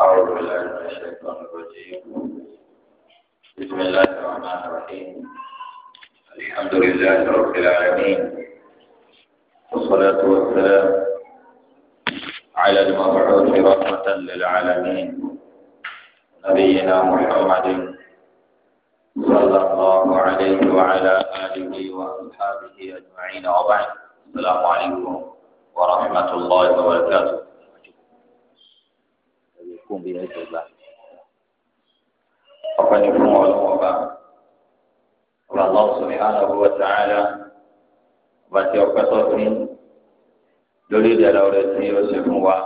أعوذ بالله من الشيطان الرجيم بسم الله الرحمن الرحيم الحمد لله رب العالمين والصلاة والسلام على المبعوث رحمة للعالمين نبينا محمد صلى الله عليه وعلى آله وأصحابه أجمعين وبعد السلام عليكم ورحمة الله وبركاته kó omi rẹ̀ tó gbà. ọ̀pọ̀ ni fún ọlọ́wọ́ bá ọba lọ́wọ́ sọ̀rọ̀ ìhànà ọba tààrà ọba tí ọpẹ́ tọ́ sí lórí ìdẹ̀rẹ̀ ọ̀rẹ́ tí ó ṣe fún wa.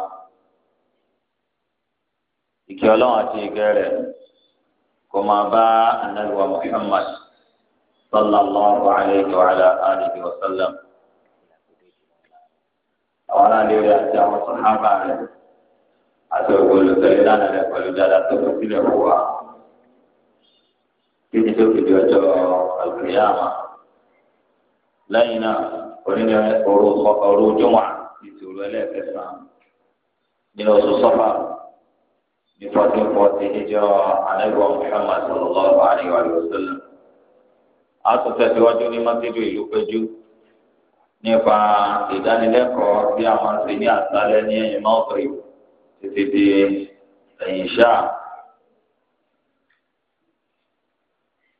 ìkẹ́ ọlọ́run àti ìkẹ́ rẹ̀ kò máa bá anáwó Muhammad sallallahu alayhi wa alihi wa sallam àwọn aláàlẹ́ rẹ̀ àti àwọn sàhábà rẹ̀ àti kalau olùtọ́lé lánàá rẹ̀ pẹ̀lú dáadáa tó fi sílẹ̀ fún wa. títí tó fi di ọjọ́ àlùkìyàmà lẹ́yìn náà onílẹ̀ ọ̀rọ̀ ojúmọ̀ ìṣòro ẹlẹ́ẹ̀kẹsàn-án nínú oṣù sọ́fà ní fourteen forty ìjọ anábọ̀ Muhammad sallallahu alayhi wa sallam. a tún tẹ̀síwájú ní mọ́tíjú ìlú péjú nípa ìdánilẹ́kọ̀ọ́ bí a máa ń ṣe ní àṣálẹ́ ní ẹ̀yìn mọ́tò ìlú títí di ẹ̀yìn ṣáà.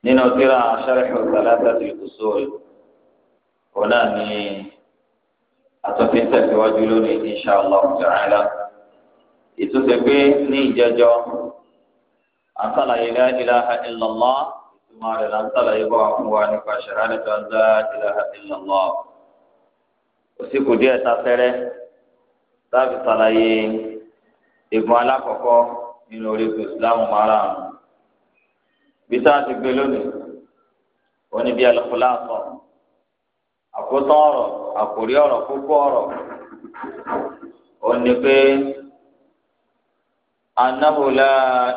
nínú kíra aṣáájú ọ̀sálàtà ti kù sóòlù òun náà ni àtúntún tẹ̀síwájú lónìí insha Allah ta'ala ìtúnṣe pé ní ìjẹjọ àtàlàyé la ilaha illallah ìtumọ̀ rẹ̀ là ń tàlàyé bọ́ àwọn wa nípa ṣẹ̀ránì tó ń dá ilaha illallah òsì kù díẹ̀ láti tàlàyé egun alákọ̀ọ́kọ́ nínú orígun ìsìláàmù márùn-ún bí sáà ti gbé lónìí ó ní bí alùpùpù àtọ̀ àkótán ọ̀rọ̀ àkórí ọ̀rọ̀ púpọ̀ ọ̀rọ̀ ó ní pé annahu la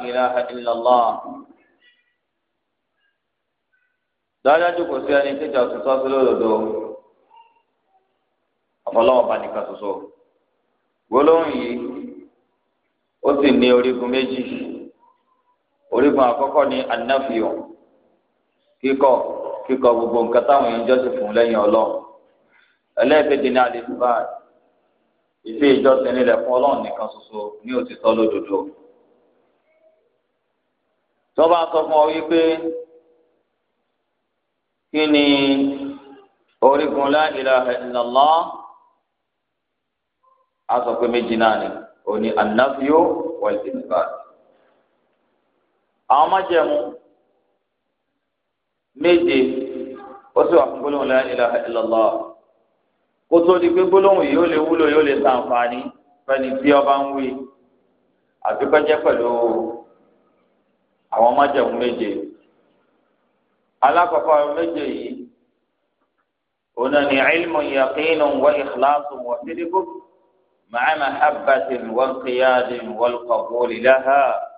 ilaha illallah dájájú kò sí ẹni tíjà òtítọ́ sí lódodo ọ̀pọ̀lọpọ̀ bá nìkan ṣoṣo gbólóhùn yìí ó sì ní orígun méjì orígun àkọ́kọ́ ní anáfíò kíkọ kíkọ gbogbo nǹkan táwọn èèyàn jọ́sìn fún lẹ́yìn ọlọ́run ẹlẹ́ẹ̀kejì ní àlèfúbà ìfẹ́ ìjọsìn nílẹ̀ fún ọlọ́run nìkan ṣoṣo ní òtítọ́ lódodo tọ́ba sọ fún ọ wípé kí ni orígun la ilaha illallah a sọ pé méjì náà ni òní anáfíò wọlé nígbàdí. àwọn májẹ̀mú méje ó sì wà fún gbólóhùn la ilaha illallah kó tó di pé gbólóhùn yìí ó lè wúlò yóò lè ṣàǹfààní fẹ́ni tí ọba ń wí àdúgbẹ́jẹ́ pẹ̀lú àwọn májẹ̀mú méje alákọ̀ọ́kọ́ méje yìí òun náà ní ilmu yaqinu wa ikhlasu wa sidqu. مع محبة وانقياد والقبول لها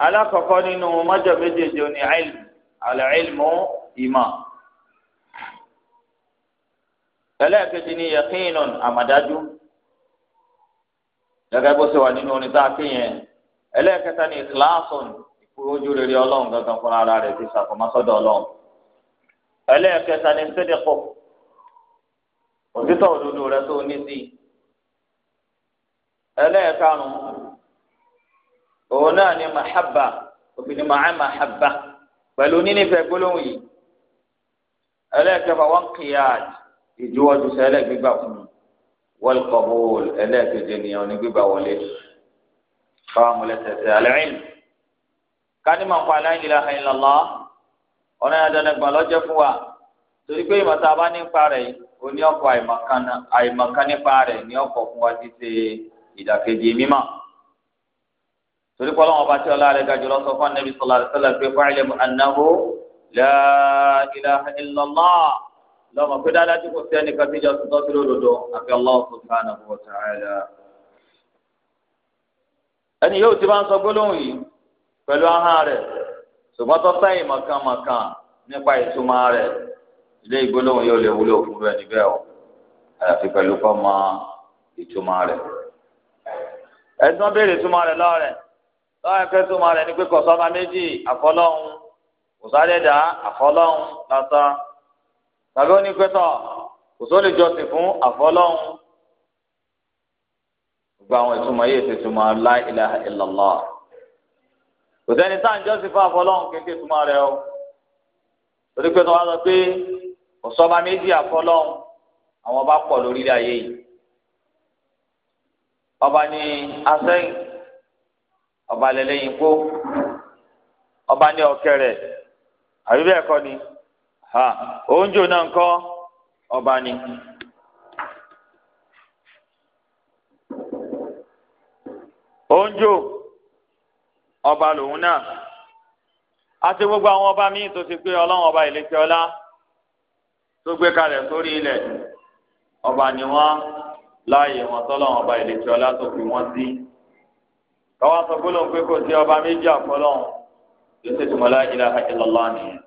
على فقال مجد مجد علم على علم إيمان ẹlẹ́ẹ̀kejì ni yẹ̀kínun àmàdájú gẹ́gẹ́ bó ṣe wà nínú orin tá a pín yẹn ẹlẹ́ẹ̀kẹta ni ìkìláàsùn ìkúrójú rere ọlọ́run gangan fúnra ara rẹ̀ ti ṣàkómọ́sọ́dọ̀ ọlọ́run ẹlẹ́ẹ̀kẹta ni sídìkù òtítọ́ òdodo rẹ tó ní sí ẹlẹ́ẹ̀karùn-ún òun náà ni mahaba òfin ni màá mahaba pẹ̀lú nínífẹ̀ẹ́ gbólóhùn yìí ẹlẹ́ẹ̀kẹfà wọn kìyàd ìdíwọ́jú sẹ́lẹ̀ gbígbà fún mi wọ́n kọ́ bóòlù ẹlẹ́ẹ̀kẹjẹ nìyẹn ní gbígbà wọlé fáwọn mọ̀lẹ́sẹ̀sẹ̀ alẹ́rìn kání máa ń pa aláìní ilaha ọ̀nà ìdáná lọ́jọ́ fún wa torí pé ìmọ̀ta bá ní ń parẹ́ yìí oní ọkọ̀ àìmọ̀kan nípa rẹ̀ ní ọkọ̀ fún wa ti ṣe ìdàkejì mímọ̀. torí pé ọlọ́wọ́n bá tí ọlá rẹ̀ ga jùlọ sọ fún anabi sallallahu alaihi wasallam pé fáìlẹ̀ mu annahu la ilaha illallah lọ́mọ pé dáadáa tí kò sí ẹnìkan tí ìjọsìn tó ti lódodo àfi Allah subhanahu wa ta'ala. ẹni yóò ti máa ń sọ gbólóhùn yìí pẹ̀lú ahọ́n rẹ̀ ṣùgbọ́n tó sáyìn mọ̀kànmọ̀kàn nípa ìtumọ̀ rẹ̀ ilé ìgbólóhùn yóò lè wúlò fún bẹ́ẹ̀ níbẹ̀ o àyàfi pẹ̀lú kọ́ mọ ìtumọ̀ rẹ̀. ẹ̀sùn béèrè túmọ̀ rẹ̀ lọ́rẹ̀ lọ́rẹ̀ fẹ́ túmọ̀ rẹ̀ ní pé kò sọ́ba méjì àfọlọ́hún kò sáré-dà àfọlọ́hún lásán tàbí ó ní pẹ́tọ̀ kò sólè jọ́sìn fún àfọlọ́hún. gbogbo àwọn ìtumọ̀ yìí ti túmọ̀ la ilaha illallah kò sẹ́ni tá à ń jọ́sìn fún àfọlọ́hún kéèké túmọ̀ rẹ̀ o torí pé wá lọ pé ọ̀sọ́ba méjì àfọlọ́hún àwọn ọba pọ̀ lórílẹ̀ ayé yìí ọba ní asẹ́yìn ọba lẹ́lẹ́yìn kó ọba ní ọ̀kẹ́rẹ́ àbí bẹ́ẹ̀ kọ́ ni oúnjẹ náà ń kọ́ ọba ni. oúnjẹ ọba lòun náà àti gbogbo àwọn ọba míì tó ti pé ọlọ́run ọba ìlẹ́kẹ́ ọlá tó gbé kalẹ̀ sórí ilẹ̀ ọba ni wọ́n láàyè wọn tọ́lọ̀ ọba ìlẹ̀kẹ́ ọlá tó fi wọ́n sí. káwá sọ pé lóun pé kò sí ọba méjì àfọlọ́hún yóò sì tún la ilaha illallah nìyẹn.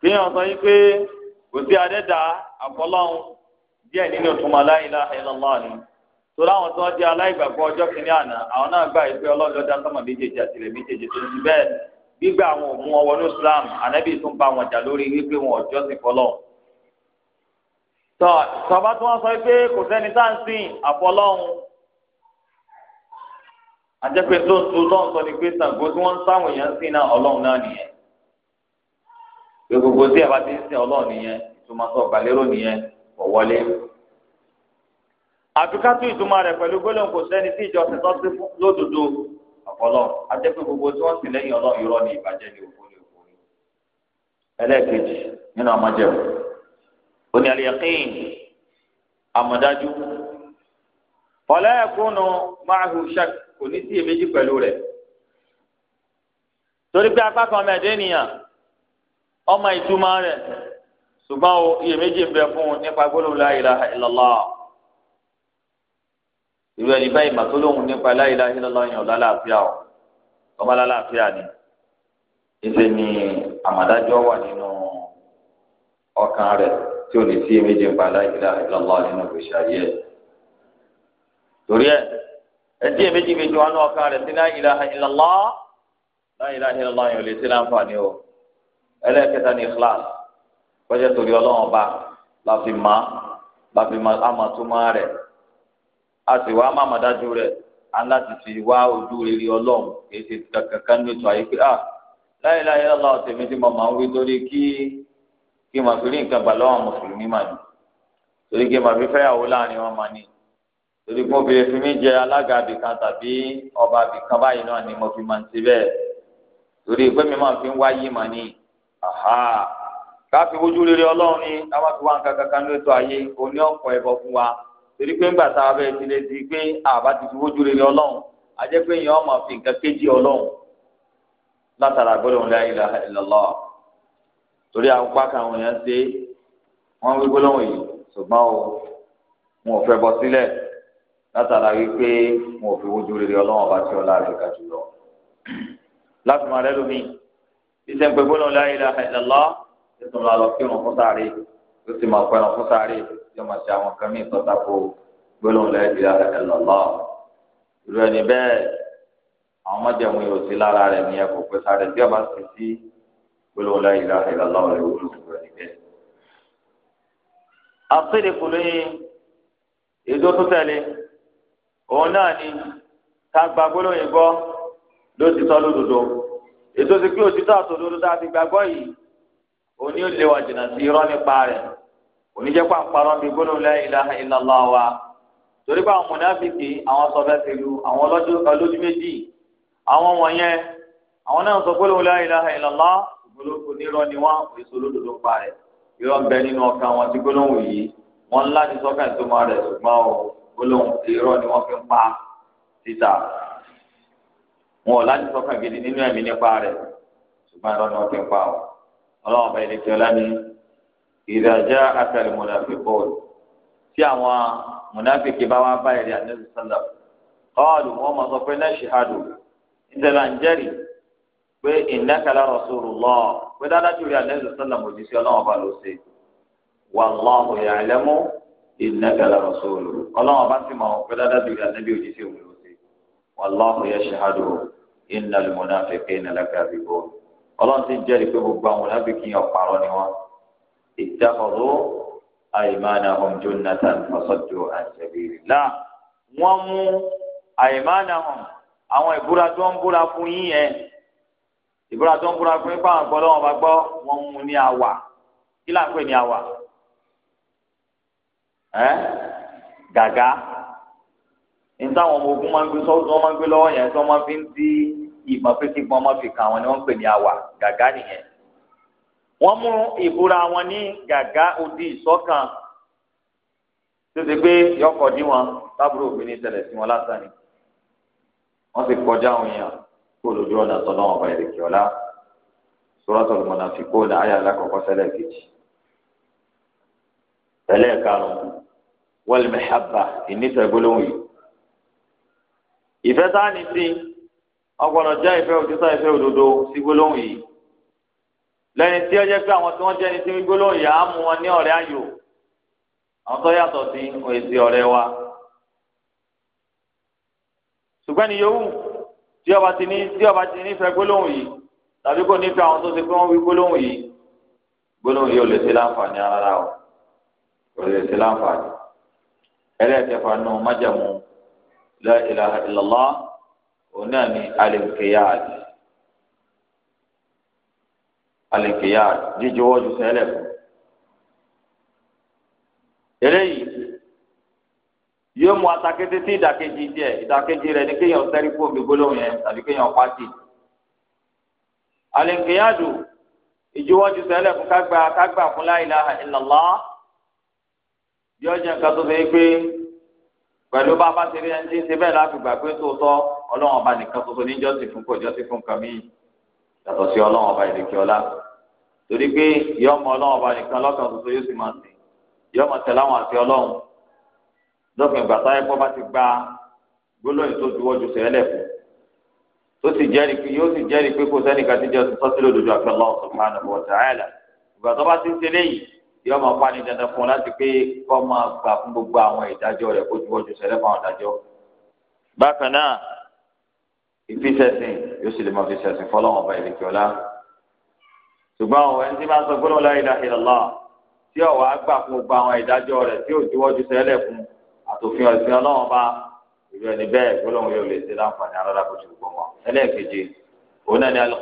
kíyàn sọ yí pé kò sí adẹ́dà àfọlọ́hún díẹ̀ nínú ìtumọ̀ la ilaha illallah ni. torí àwọn tó ń di aláìgbàgbọ́ ọjọ́ kìíní àná àwọn náà gbà yí pé ọlọ́dọọdá sọmọ méjèèjì àtìlẹ̀ méjèèjì tó ti bẹ́ẹ̀ gbígbà àwọn òògùn ọwọ́ ní Islam ànábì tún bá wọn jà lórí wípé wọn ò jọ́sìn fọlọ́ tọ́ tọ́ba tí wọ́n sọ pé kò sẹ́ni tá à ń sìn àfọlọ́hún àjẹpẹ́ tó ń tu lọ́n sọ ni pé Ṣàngó tí wọ́n ń sáwọn èèyàn sìn náà ọlọ́run náà nìyẹn pé gbogbo tí ẹ ti ń sìn ọlọ́run nìyẹn ìtumọ̀ sọ gbàlérò nìyẹn kò wọlé àfikátù ìtumọ̀ rẹ̀ pẹ̀lú gbólóhùn kò sẹ́ni tí ìjọ ọ̀pọ̀lọ́ àtẹ́pẹ́ gbogbo tí wọ́n sì lẹ́yìn ọlọ́run irọ́ ní ìbàjẹ́ ní òfò ní òfò nínú ọmọdéwò oní àlẹ́yẹ̀kín àmọ̀dájú fọlẹ́ẹ̀kúnnù máàhù ṣak kò ní sí èméjì pẹ̀lú rẹ̀ torí pé apá kan ọmọ o iyèméjì ń bẹ fún un nípa gbólóhùn irú ẹni báyìí màtó lóhùn nípa la ilaha illallah yàn lálàáfíà ọ ọba lálàáfíà ni ìṣe ni àmàdájọ wà nínú ọkàn rẹ tí ò ní sí méjì ń pa la ilaha illallah nínú gbèsè ayé ẹ torí ẹ ẹdí èméjì méjì wọn náà ọkàn rẹ sí la ilaha illallah la ilaha illallah yàn lè ṣe láǹfààní o ẹlẹ́ẹ̀kẹta ní ikhlas kọjá torí ọlọ́run ọba láfi má láfi má àmàtúmọ̀ rẹ̀ a sì wá má màdájú rẹ̀ aláti fi wá ojú rere ọlọ́run kìí ṣe kankan ní ètò ayé pé à láyéláyé lọ́la tèmi tí mo máa ń wí torí kí kí màá fi rí nǹkan gbà lọ́wọ́ mùsùlùmí mà ní torí kí màá fi fẹ́yàwó láàrin wọn mà ní torí kí mo fi fi mí jẹ alága abìkan tàbí ọba abìkan báyìí náà ni mo fi máa ń ṣe bẹ́ẹ̀ torí pé mi máa fi ń wáyé mà ní àhá káfí ojú rere ọlọ́run ni ká fi wá nǹkan kankan ní ayé oní ọ̀pọ̀ ẹ̀bọ fún wa torí pé ńgbà tá a bẹ ti lè di pé àbá ti fi wójú rere ọlọ́run àjẹ́ pé yẹn ọmọ fi nǹkan kéjì ọlọ́run látara gbọ́dọ̀ la ilaha illallah torí apá kan àwọn èèyàn ṣe wọ́n wí gbólóhùn yìí ṣùgbọ́n o wọn ò fẹ́ bọ́ sílẹ̀ látara wípé wọn ò fi wójú rere ọlọ́run ọba tí ọlá rẹ̀ ga jùlọ. láti máa rẹ́ lómi ìṣẹ́ ń pẹ́ gbólóhùn la ilaha illallah ìṣẹ́ ń lọ tó sì máa pẹ́ràn fún sáré yóò máa ṣe àwọn kan ní ìtọ́ta kó gbólóhùn lẹ́yìn ẹlọ́lọ́ ìlú ẹni bẹ́ẹ̀ àwọn mọ́jẹ̀mú yóò sí lára rẹ̀ ní ẹ̀kọ́ pé sáré tí ọba sì sí gbólóhùn lẹ́yìn ẹlọ́lọ́ rẹ̀ wúlò ìlú ẹni bẹ́ẹ̀. àpèrè kò lóyún èdè tó tẹ̀lé òun náà ni ká gba gbólóhùn gbọ́ ló ti tọ́ lódodo ètò ti pé òtítọ́ àtòdodo tá a ti gbàgbọ́ yìí òní ò lè wà jìnnà sí irọ́ nípa rẹ̀ oníjẹ́pọ̀ àparọ́ bíi gbólóhùn la ilaha illallah wa torí pé àwọn mọ̀nàfíìkì àwọn sọ̀bẹ́ tẹ̀lú àwọn olójú méjì àwọn wọ̀nyẹn àwọn náà sọ gbólóhùn la ilaha illallah gbólóhùn nírọ̀ ni wọ́n èso olódodo pa rẹ̀ irọ́ ń bẹ nínú ọkàn wọn ti gbólóhùn yìí wọ́n ńlá ti sọ́kà ìtumọ̀ rẹ̀ ṣùgbọ́n o gbólóhùn irọ́ ni wọ́n fi ń pa síta wọn ò láti sọ́kà gidi nínú ẹ̀mí nípa rẹ̀ ṣùgbọ́n irọ́ ni wọ́n fi ń pa o ọlọ́run ọba ìlẹ̀kẹ́ ọlá ni ìdájá akẹ́lẹ̀ mọ̀nàfíkọ́ tí àwọn mọ̀nàfíkì bá wá bá ẹ̀rí àdéhùn sálà kọ́ọ̀lù wọn mọ̀ sọ pé náà ṣèhádù ìdẹ̀là ń jẹ́rì pé ìnákàlà rasulullah pé dáadájú rí àdéhùn sálà mọ̀jísí ọlọ́wọ́n bá ló ṣe wallahu ya'lamu ìnákàlà rasulu ọlọ́wọ́n bá sì mọ̀ pé dáadájú rí àdéhùn òjísí òun ló ṣe wallahu yashhadu innal munafiqina lakadhibun ọlọ́run ìjábọ̀rọ̀ àìmánà hàn jonathan fasọ́jọ́ àṣẹbìrìlá wọ́n mú àìmánà hàn àwọn ìbúra tó ń búra fún yín yẹn ìbúra tó ń búra fún yín fáwọn gbọ́dọ̀ wọn bá gbọ́ wọ́n mú ní àwà kí là ń pè ní àwà ẹ́ gàgá níta àwọn ọmọ ogun máa ń gbé sọ́wọ́ máa ń gbé lọ́wọ́ yẹn tí wọ́n máa fi ń ti ìmọ̀ pé kí wọ́n máa fi kà wọ́n ni wọ́n ń pè ní àwà gàgá nìyẹn wọ́n mú ìbúra wọn ní gàgá odi ìsọ́kàn tó ti gbé yọkọ̀ dí wọn lábúrò obìnrin tẹ̀lẹ̀ sí wọn lásán ni wọ́n sì kọjá òun yàn kó lójú ọ̀nà tọ́lá wọn báyìí lèkì ọ̀la Suratul Munafiqun àyà alákọ̀ọ́kọ́ sẹ́lẹ̀ kejì tẹ́lẹ̀ karùn-ún wal mahabba ìnífẹ̀ẹ́ gbólóhùn yìí ìfẹ́ sáà ní sí ọgbọ̀nà ìfẹ́ òtítọ́ ìfẹ́ òdodo sí gbólóhùn yìí lẹ́ni tí ó yẹ pé àwọn tí wọ́n jẹ́ni tí wígbó lóhùn yà á mú wọn ní ọ̀rẹ́ ayò àwọn tó yàtọ̀ sí èsì ọ̀rẹ́ wa. ṣùgbọ́n ni yòówù tí ọba ti ní tí ọba ti nífẹ̀ẹ́ gbólóhùn yìí tàbí kò nífẹ̀ẹ́ àwọn tó ti pé wọ́n wí gbólóhùn yìí gbólóhùn yìí ò lè ṣe láǹfààní rárá o ò lè ṣe láǹfààní. ẹlẹ́ẹ̀kẹfà nù májàmú la ilaha òun náà ni alẹ́ kẹyà àti alèkèyà jíjọwọ́ ju sẹ́lẹ̀ fún. eléyìí yóò mú atakété tí ìdàkejì díẹ̀ ìdàkejì rẹ̀ ní kéèyàn sẹ́rí fún omi gbólóhùn yẹn tàbí kéèyàn pàtì. alèkèyà dùn ìjọwọ́ ju sẹ́lẹ̀ fún kágbà kágbà fún la ilaha yóò jẹ́ nǹkan tó pé pẹ̀lú bá a bá rí ẹni tí ń ṣe bẹ́ẹ̀ láti yàtọ̀ sí ọlọ́run ọba ìdèkè ọlá torí pé yọ ọmọ ọlọ́run ọba nìkan lọ́kàn tuntun yóò sì máa sìn yọ ọmọ tẹ̀lé àwọn àti ọlọ́run lọ́kàn ìgbà táyé pọ́ bá ti gba gbólóyìn tó ju wọ́jú sẹ́lẹ̀ fún tó sì jẹ́rìí pé yóò sì jẹ́rìí pé kò sẹ́nìkan ti jẹ́ sọ́sílẹ̀ òdodo àfi Allah subhanahu wa ta'ala ìgbà tó bá ti ń ṣe léyìí yọ ọmọ pa ni dandan fún láti pé kọ́ máa gbà fún gbogbo àwọn ìfisẹ̀sìn yóò sì lè máa fi sẹ̀sìn fọlọ́wọ́n ọba ìlẹ̀kẹ́ ọ̀la. ṣùgbọ́n àwọn ẹni tí máa ń sọ gbọ́dọ̀ la ilaha illallah tí ọ̀wá gbà fún gbogbo àwọn ìdájọ́ rẹ̀ tí ò juwọ́jú sẹ́lẹ̀ fún àtòfin ọ̀sìn ọlọ́wọ́n bá ìlú ẹni bẹ́ẹ̀ gbọ́dọ̀ yóò lè ṣe láǹfààní arára kó ṣùgbọ́ wọn. ẹlẹ́ẹ̀keje òun náà ni al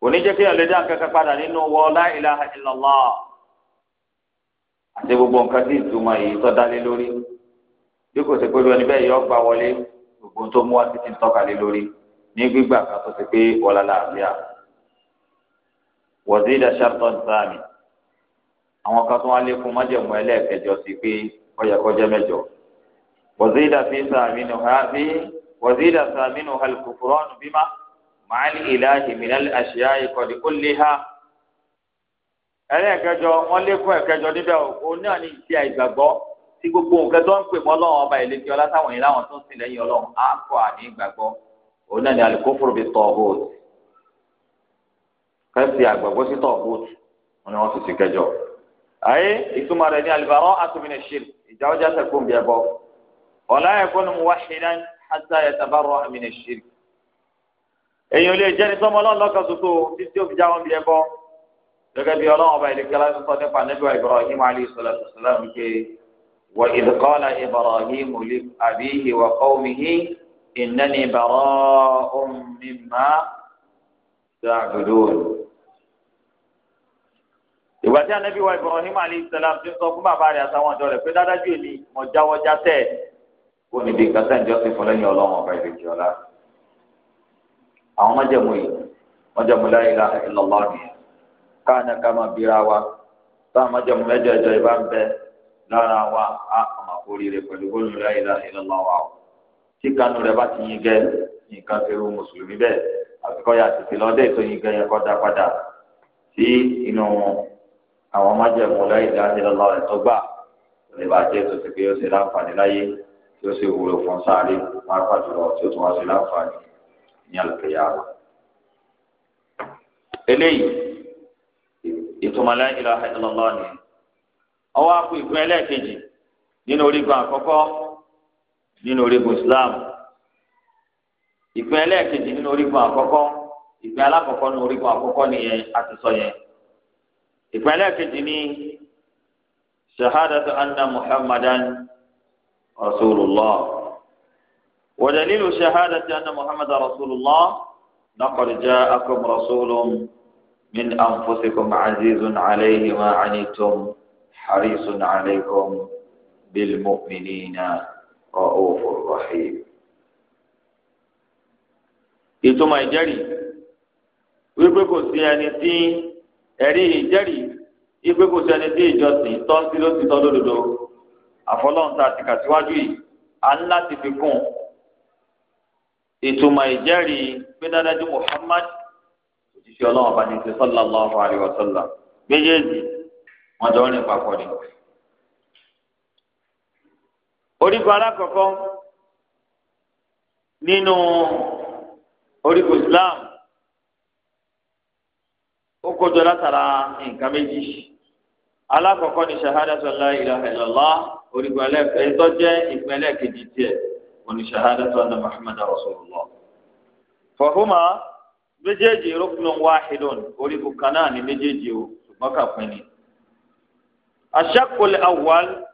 kò ní jẹ́ kéèyàn lè dá kankan padà nínú wọ la ilaha illallah àti gbogbo nǹkan tí ìtumọ̀ yìí tó dá lé lórí bí kò sí pé lóni bẹ́ẹ̀ yọ gbà wọlé gbogbo tó mú wá títí tọ́ka lé lórí ní gbígbà kan tó ti pé wọlá làbíà wazida shartan sáàmì àwọn kan tó wá lékún májèmú ẹlẹ́ẹ̀kẹjọ sí pé ọ̀yẹ̀kọ́jẹ́ mẹ́jọ wazida fi sáàmì nù hàbí bímá màálì ìlàjì mìíràn àṣìyá ìkọ̀dí kó lé ha. ẹlẹ́ẹ̀kẹjọ wọ́n lékún ẹ̀kẹjọ níbẹ̀ òun náà ní ti àìgbàgbọ́ tí gbogbo nǹkan tó ń pè mọ́ ọlọ́run ọba ìlẹ́kí ọlá táwọn yìí láwọn tó ń sìn lẹ́yìn ọlọ́run á kọ́ àní ìgbàgbọ́ òun náà ní alukófòrò bíi tọ́ọ̀bù kẹsì àgbàgbọ́ sí tọ́ọ̀bù wọn ni wọ́n ti sì kẹjọ. ayé ìtumọ̀ rẹ̀ ní alìbàrọ̀ àtúmìnà ṣìl ìjà ọjà sẹ́kùn bí ẹbọ ọ̀la ẹ̀kọ́ ni mo wá ṣìlẹ̀ hàtà ẹ̀ tabarọ̀ àmìnà ṣìl èyàn lè jẹ́ ní sọ́mọ ọlọ́run lọ́kàn tuntun títí ó fi já wọn bí ẹ bọ́ gẹ́gẹ́ bí ọlọ́run ọba ìlú kẹlá sọ nípa níbi Ibrahim alayhi salatu salam pé wa idh qala Ibrahim li abihi wa qawmihi innani bara'un mimma ta'budun. ìgbà tí anabi Ibrahim alayhi salam ti sọ fún bàbá rẹ̀ àtàwọn ọ̀dọ́ rẹ̀ pé dáadáa ju èmi mọ̀ jáwọ́ já tẹ̀ kó níbi kásá ìjọsìn fọlẹ́yìn ọlọ́run ọba ìlú kẹlá àwọn májẹ̀mú yìí májẹ̀mú la ilaha illallah nìyẹn káàní ká máa bíra wa táwọn májẹ̀mú mẹ́jẹ̀ẹ̀jọ ìbá ń bẹ lára wa á ọmọ àkóríire pẹ̀lú gbólóhùn la ilaha illallah wa tí kánú rẹ bá ti yín gẹ nǹkan fẹ́rù mùsùlùmí bẹ́ẹ̀ àfikọ́yà tètè lọ́dẹ̀ tó yín gẹ yẹn kọ́ dá padà sí inú àwọn májẹ̀mú la ilaha illallah rẹ̀ tó gbà lè bá jẹ́ tó ti pé ó ṣe láǹfààní láyé tí ó wúlò fún sáré máa ní àlùfẹ́yà wa. eléyìí ìtumọ̀lá ilaha illallah ni ọwọ́ àpò ìpín ẹlẹ́ẹ̀kejì nínú orígun àkọ́kọ́ nínú orígun Islam ìpín keji nínú orígun àkọ́kọ́ ìpín alákọ̀ọ́kọ́ nínú orígun àkọ́kọ́ nìyẹn a ti sọ yẹn ìpín ẹlẹ́ẹ̀kejì ní shahadatu anna muhammadan rasulullah. ودليل شهادة أن محمد رسول الله لقد جاءكم رسول من أنفسكم عزيز عليه ما عنيتم حريص عليكم بالمؤمنين رؤوف رحيم ìtumọ̀ ìjẹ́rìí wípé kò sí ẹni tí ẹ̀rí ìjẹ́rìí wípé kò sí ẹni tí ìjọsìn tọ́ sí ló lódodo àfọlọ́ǹta àti kàtíwájú yìí à ń láti fi kún un ìtumọ̀ ìjẹ́rìí pé dáadájú Muhammad òjíṣẹ́ ọlọ́run ọba ní ti sallallahu alaihi wasallam méjèèjì wọn jọ rìn papọ̀ ni. orígun alákọ̀ọ́kọ́ nínú orígun Islam ó kójọ látara nǹkan méjì alákọ̀ọ́kọ́ ni shahadatu la ilaha illallah orígun ẹlẹ́fẹ̀ẹ́ tó jẹ́ ìpínlẹ̀ kejì tiẹ̀. ونشهادة أن محمد رسول الله فهما مجيجي ركن واحد أولي كنان مجيجي مكافني الشق الأول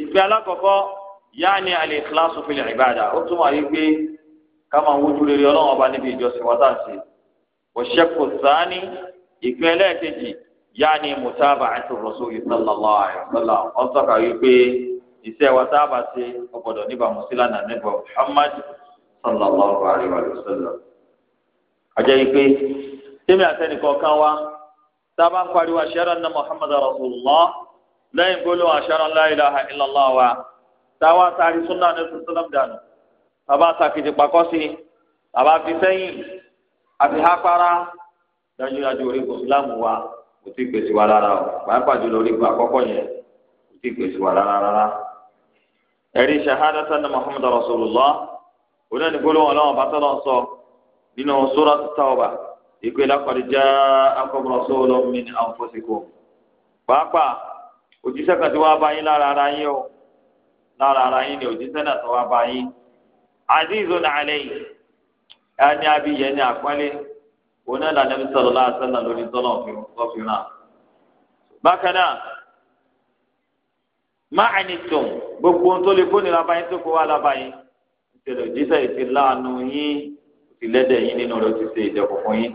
إفعال كوكو يعني الإخلاص في العبادة أنتم أيبي كما وجود اليوم أباني بيجوس وطاسي والشق الثاني إفعال كجي يعني متابعة الرسول صلى الله عليه وسلم أنتم أيبي iṣẹ́ wa tá a bá ṣe ọgbọ́dọ̀ níbàámu sí lánàá nígbà Muhammad sallallahu alayhi wa sallam. àjẹ́ yìí pé tèmi àtẹnìkọ̀ kan wá tá a bá ń pariwo ashara anna Muhammad rasulullah lẹ́yìn gbólóhùn ashara la ilaha wa tá a wá taa ní dànù tá a bá sàkìtì pàkọ́ sí tá a bá fi sẹ́yìn wa kò tí ì pèsè wa rárá o pàápàá jùlọ orígun àkọ́kọ́ yẹn kò tí ì wa rárá ẹ̀rí ṣahadata sani muhammadu rasulullah oní ẹni gbólóhùn ọlọ́wọ́n bá tọ́lọ́ sọ nínú suratu tawba ìpè laqad ja'akum rasulun min anfusikum pàápàá òjíṣẹ́ kan tí wàá bá yín lára ara yín o lára ara yín ni náà bá yín ẹni lórí bákan náà má ẹni tún gbogbo ohun tó lè kó nira báyìí tó kó wá lábàáyé ìṣẹ̀lẹ̀ òjíṣẹ́ ìṣe láàánú yín ìlẹ́dẹ̀ yín nínú rẹ̀ ti ṣe ìdẹ̀kùn fún yín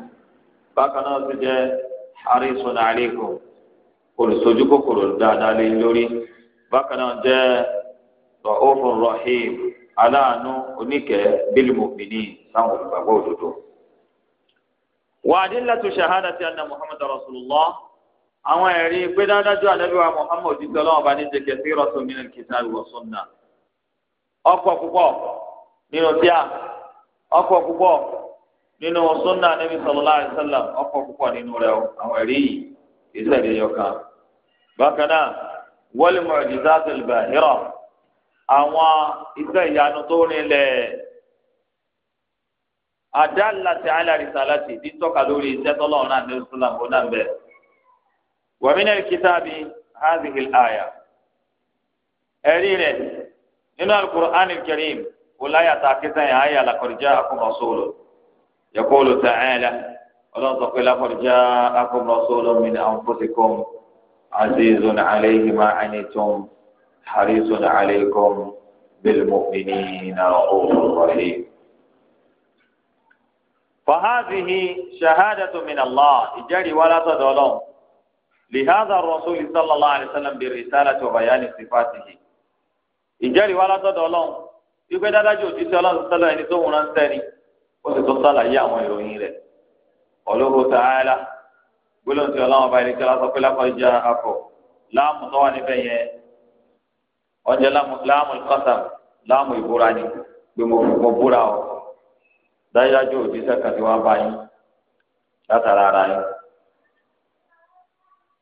bákan náà ti jẹ́ harisun aleikum olùsojú kòkòrò dáadáa lé lórí bákan náà jẹ́ ra'ufun rahim aláàánú oníkẹ́ bil mu'minin sáwọn olùgbàgbọ́ òdodo. wàdí látò ṣahádà ti anna muhammadu rasulullah. àwọn ẹ̀rí pé dáadájú ànábìwá Muhammad ti ọlọ́wọ́n bá ní ṣe kẹsí rọ́tò mi nínú kìtà ìwọ̀ sọ́nà ọ̀pọ̀ púpọ̀ nínú tíà ọ̀pọ̀ púpọ̀ nínú sọ́nà níbi sọ̀lọ́lá àìsàlám ọ̀pọ̀ púpọ̀ nínú rẹ̀ àwọn ẹ̀rí yìí ìṣẹ̀lẹ̀ bákan náà wọ́lì àwọn iṣẹ́ ìyanu tó àdá láti lórí iṣẹ́ wa min al-kitabi hadhihi al-aya ẹ̀rí rẹ̀ nínú al-Qur'an al-Karim wòláyà tá a ké sẹ́yìn ayé laqad ja'akum rasulun yaqulu ta'ala ọlọ́run sọ pé laqad ja'akum rasulun min anfusikum azizun alayhi ma anitum harisun alaykum بالمؤمنين رؤوف رحيم فهذه شهادة من الله إجاري ولا تدولون lihada rasuli sallallahu alayhi wa sallam bi risalati wa bayani sifatihi ìjẹ́rìí wa látọ̀dọ̀ ọlọ́run wípé dáadájú òjíṣẹ́ ọlọ́run sọ́lọ́ ẹni tó ń ránṣẹ́ ni ó sì tó sàlàyé àwọn ìròyìn rẹ̀ ọlọ́run ta'ala gbólóhùn tí ọlọ́run ọba ìrìkẹ́ lásán pé lápá ìjà akọ láàmù tó wà níbẹ̀ yẹn ọjọ́ láàmù kọ́sà láàmù ìbúra ni pé mo búra ọ dáadájú òjíṣẹ́ kan ti wá bá yín látara ara yín.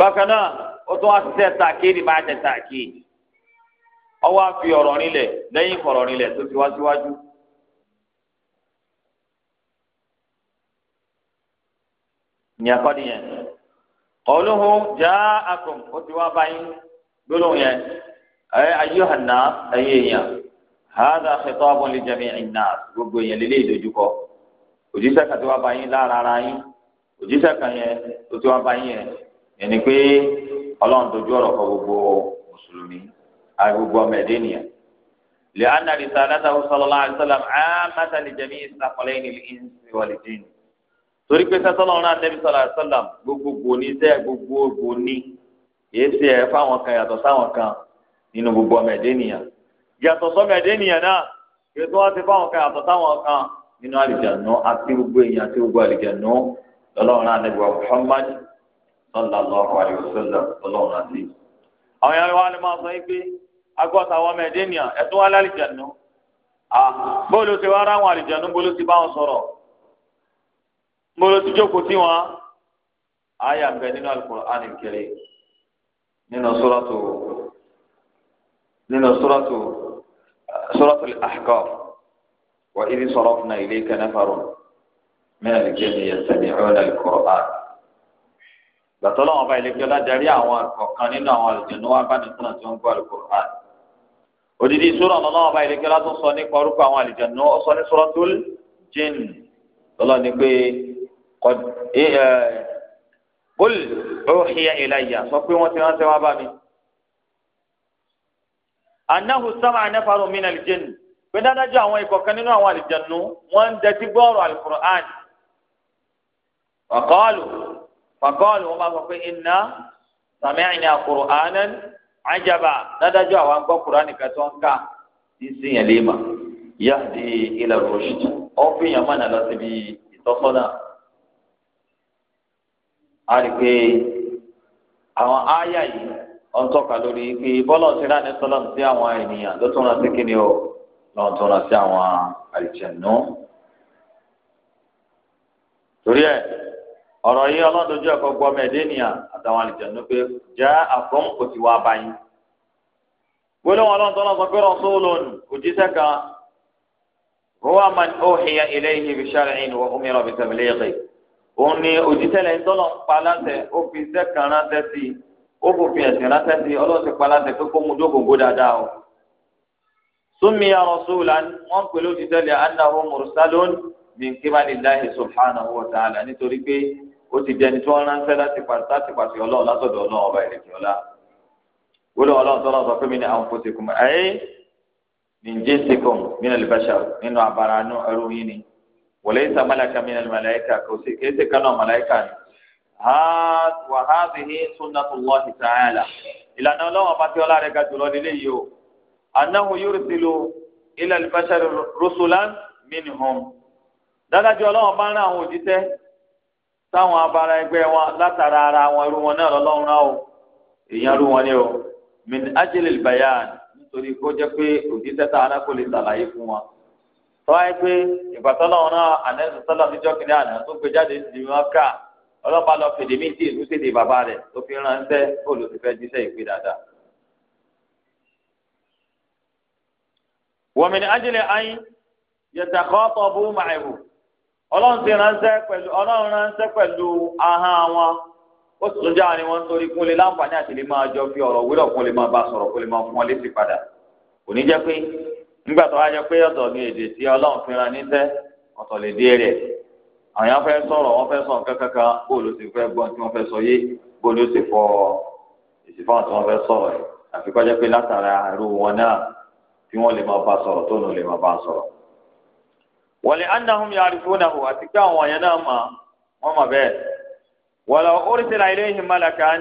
bákan náà ó tún wá ṣiṣẹ́ tàkìrì máa jẹ tàkìrì ọwọ́ àfi ọ̀rọ̀ nílẹ̀ lẹ́yìn ìfọ̀rọ̀ nílẹ̀ tó ti wá síwájú. ní akọ́ni yẹn ọlọ́hun já akùn ó ti wá báyìí gbólóhùn yẹn ẹ ayéhànà ẹyẹ èèyàn hàdà khitabun li gbogbo èèyàn lélẹ́ ìdojúkọ òjíṣẹ́ kan ti wá báyìí lára ara yín òjíṣẹ́ kan yẹn tó ti wá báyìí ẹni pé ọlọ́run dojú ọ̀rọ̀ kọ gbogbo mùsùlùmí àti ọmọ ẹ̀dẹ́ nìyẹn. lè anna risalatahu sallallahu alaihi wasallam amata li jami'i saqalaini lil insi wal jin. torí pé sọ́lọ́ ọ̀rọ̀ ànábì sallallahu alaihi gbogbogbò ní sẹ́ gbogbogbò ní èyí ẹ̀ fáwọn kan yàtọ̀ sáwọn kan nínú gbogbo ọmọ ẹ̀dẹ́ yàtọ̀ sọ́mọ ẹ̀dẹ́ náà ti fáwọn kan yàtọ̀ sáwọn kan nínú àti gbogbo èèyàn àti gbogbo lọ́lọ́run sallallahu alaihi wasallam ọlọ́run àti. àwọn yàrá wa lè máa sọ pé agbọ́ta wọn mẹ́ẹ̀dẹ́nìyàn ẹ̀tún wa lálìjẹ̀nu. bóòlù ti wá ráwọn àlìjẹ̀nu bóòlù ti bá wọn sọ̀rọ̀ bóòlù ti jókòó tí wọn. àyà ń bẹ nínú al-Qur'an al-Karim nínú suratu nínú suratu suratu al-Ahqaf wa idh sarafna ilayka nafarun min al-jinni yastami'una al-Qur'an gbàtọ́ lọ́wọ́n bá iléeṣẹ́ ládarí àwọn kọ̀ọ̀kan nínú àwọn àlùjẹ̀nu wá bá nìkan tí wọ́n gbọ́ Al-Qur'an. odidi sura ọ̀nà lọ́wọ́n bá iléeṣẹ́ látún sọ nípa orúkọ àwọn àlùjẹ̀nu ó sọ ní Suratul Jinn lọ́lọ́ ni pé e, e, qul uhiya ilayya sọ pé wọ́n ti ránṣẹ́ wá bá mi. annahu sama'a nafarun min al-jinn pé dáadájú àwọn ìkọ̀kan nínú àwọn àlùjẹ̀nu wọ́n ń dẹ́tí fàkọ́ọ̀lù wọn bá sọ pé iná sàmìàní àkùrù àánán àjàbà dádájọ́ àwọn gbọ́ kùránì kan tó ń ká ní sèyàn lè mà yáàdì ilẹ̀ rọ̀ṣìtì ó fi yàn mọ́nà lọ síbi ìtọ́sọ́nà. a rí i pé àwọn ááyà yìí ó tọ́ka lórí pé bọ́lá ti rà ní sọ́lọ́m sí àwọn ènìyàn ló tún rán sí kíni o lọ́n tún rán sí àwọn àlìjẹ̀nù. torí ẹ̀ ọ̀rọ̀ yìí ọlọ́dọ̀jú ẹ̀kọ́ gbọ́mọ ẹ̀dẹ́nìyà àtàwọn àlìjẹ̀nu pé já àfọ́n kò ti wá báyìí. gbólóhùn ọlọ́dọ̀ náà sọ pé rọ́sọ́ọ̀lọ́n òjíṣẹ́ kan huwa man uhiya ilayhi bi shar'in wa umira bi ni òjíṣẹ́ lẹ́yìn tọ́lọ̀ ń pa láṣẹ ó fi iṣẹ́ kan ránṣẹ́ sí i ó kò fi ránṣẹ́ sí i ọlọ́run ti ó ti di ẹni tí wọ́n ránṣẹ́ láti pàṣẹ láti pàṣẹ ọlọ́run látọ̀dọ̀ ọlọ́run ọba ìrètí ọlá gbọ́dọ̀ ọlọ́run tó lọ́sọ pé mi ní àwọn fòsì kùmọ̀ ẹ̀ nìjẹ́ ṣe kàn mí nà lè bá ṣàrò nínú abara nú ẹrú yín ni wọlé ìta málàkà mí nà lè kò sí kì í ṣe kánà ni wà á sì ní sunnatullahi ta'ala ìlànà ọlọ́run ọba tí ọlá rẹ̀ ga jùlọ nílé yìí o annahu yursilu ila al-bashari rusulan minhum dáadáa táwọn abara ẹgbẹ́ wọn látara ara wọn irú wọn náà lọ́lọ́run náà o èèyàn irú wọn ni o min bayan nítorí kó jẹ́ pé òjíṣẹ́ tá a fún wọn. tọ́wá yẹ pé ìbátan náà náà sọ́lá níjọ́ tó gbé jáde wọn ká ọlọ́pàá lọ fèdè mí tí ọlọ́run ti ránṣẹ́ pẹ̀lú ọlọ́run ránṣẹ́ pẹ̀lú ahọ́n wọn ó sì tún já ni wọ́n torí kún lè láǹfààní àti lè máa jọ fi ọ̀rọ̀ wúlọ̀ kún lè máa bá sọ̀rọ̀ kún lè máa fún wọn létí padà kò ní jẹ́ pé nígbà tó wá jẹ́ pé ọ̀tọ̀ ni èdè tí ọlọ́run fi ran níṣẹ́ ọ̀tọ̀ lè dé rẹ̀ àwọn yẹn fẹ́ sọ̀rọ̀ wọ́n fẹ́ sọ̀rọ̀ kankankan bóòlù sì fẹ́ gbọ́n tí wọ́n fẹ́ sọ yé bóòlù sì fẹ́ sọ̀rọ̀ wọlé anahum yarifunahu àti pé àwọn yẹn náà mà wọn mà bẹ́ẹ̀ wọlé oríṣiríṣi ilayhim malakan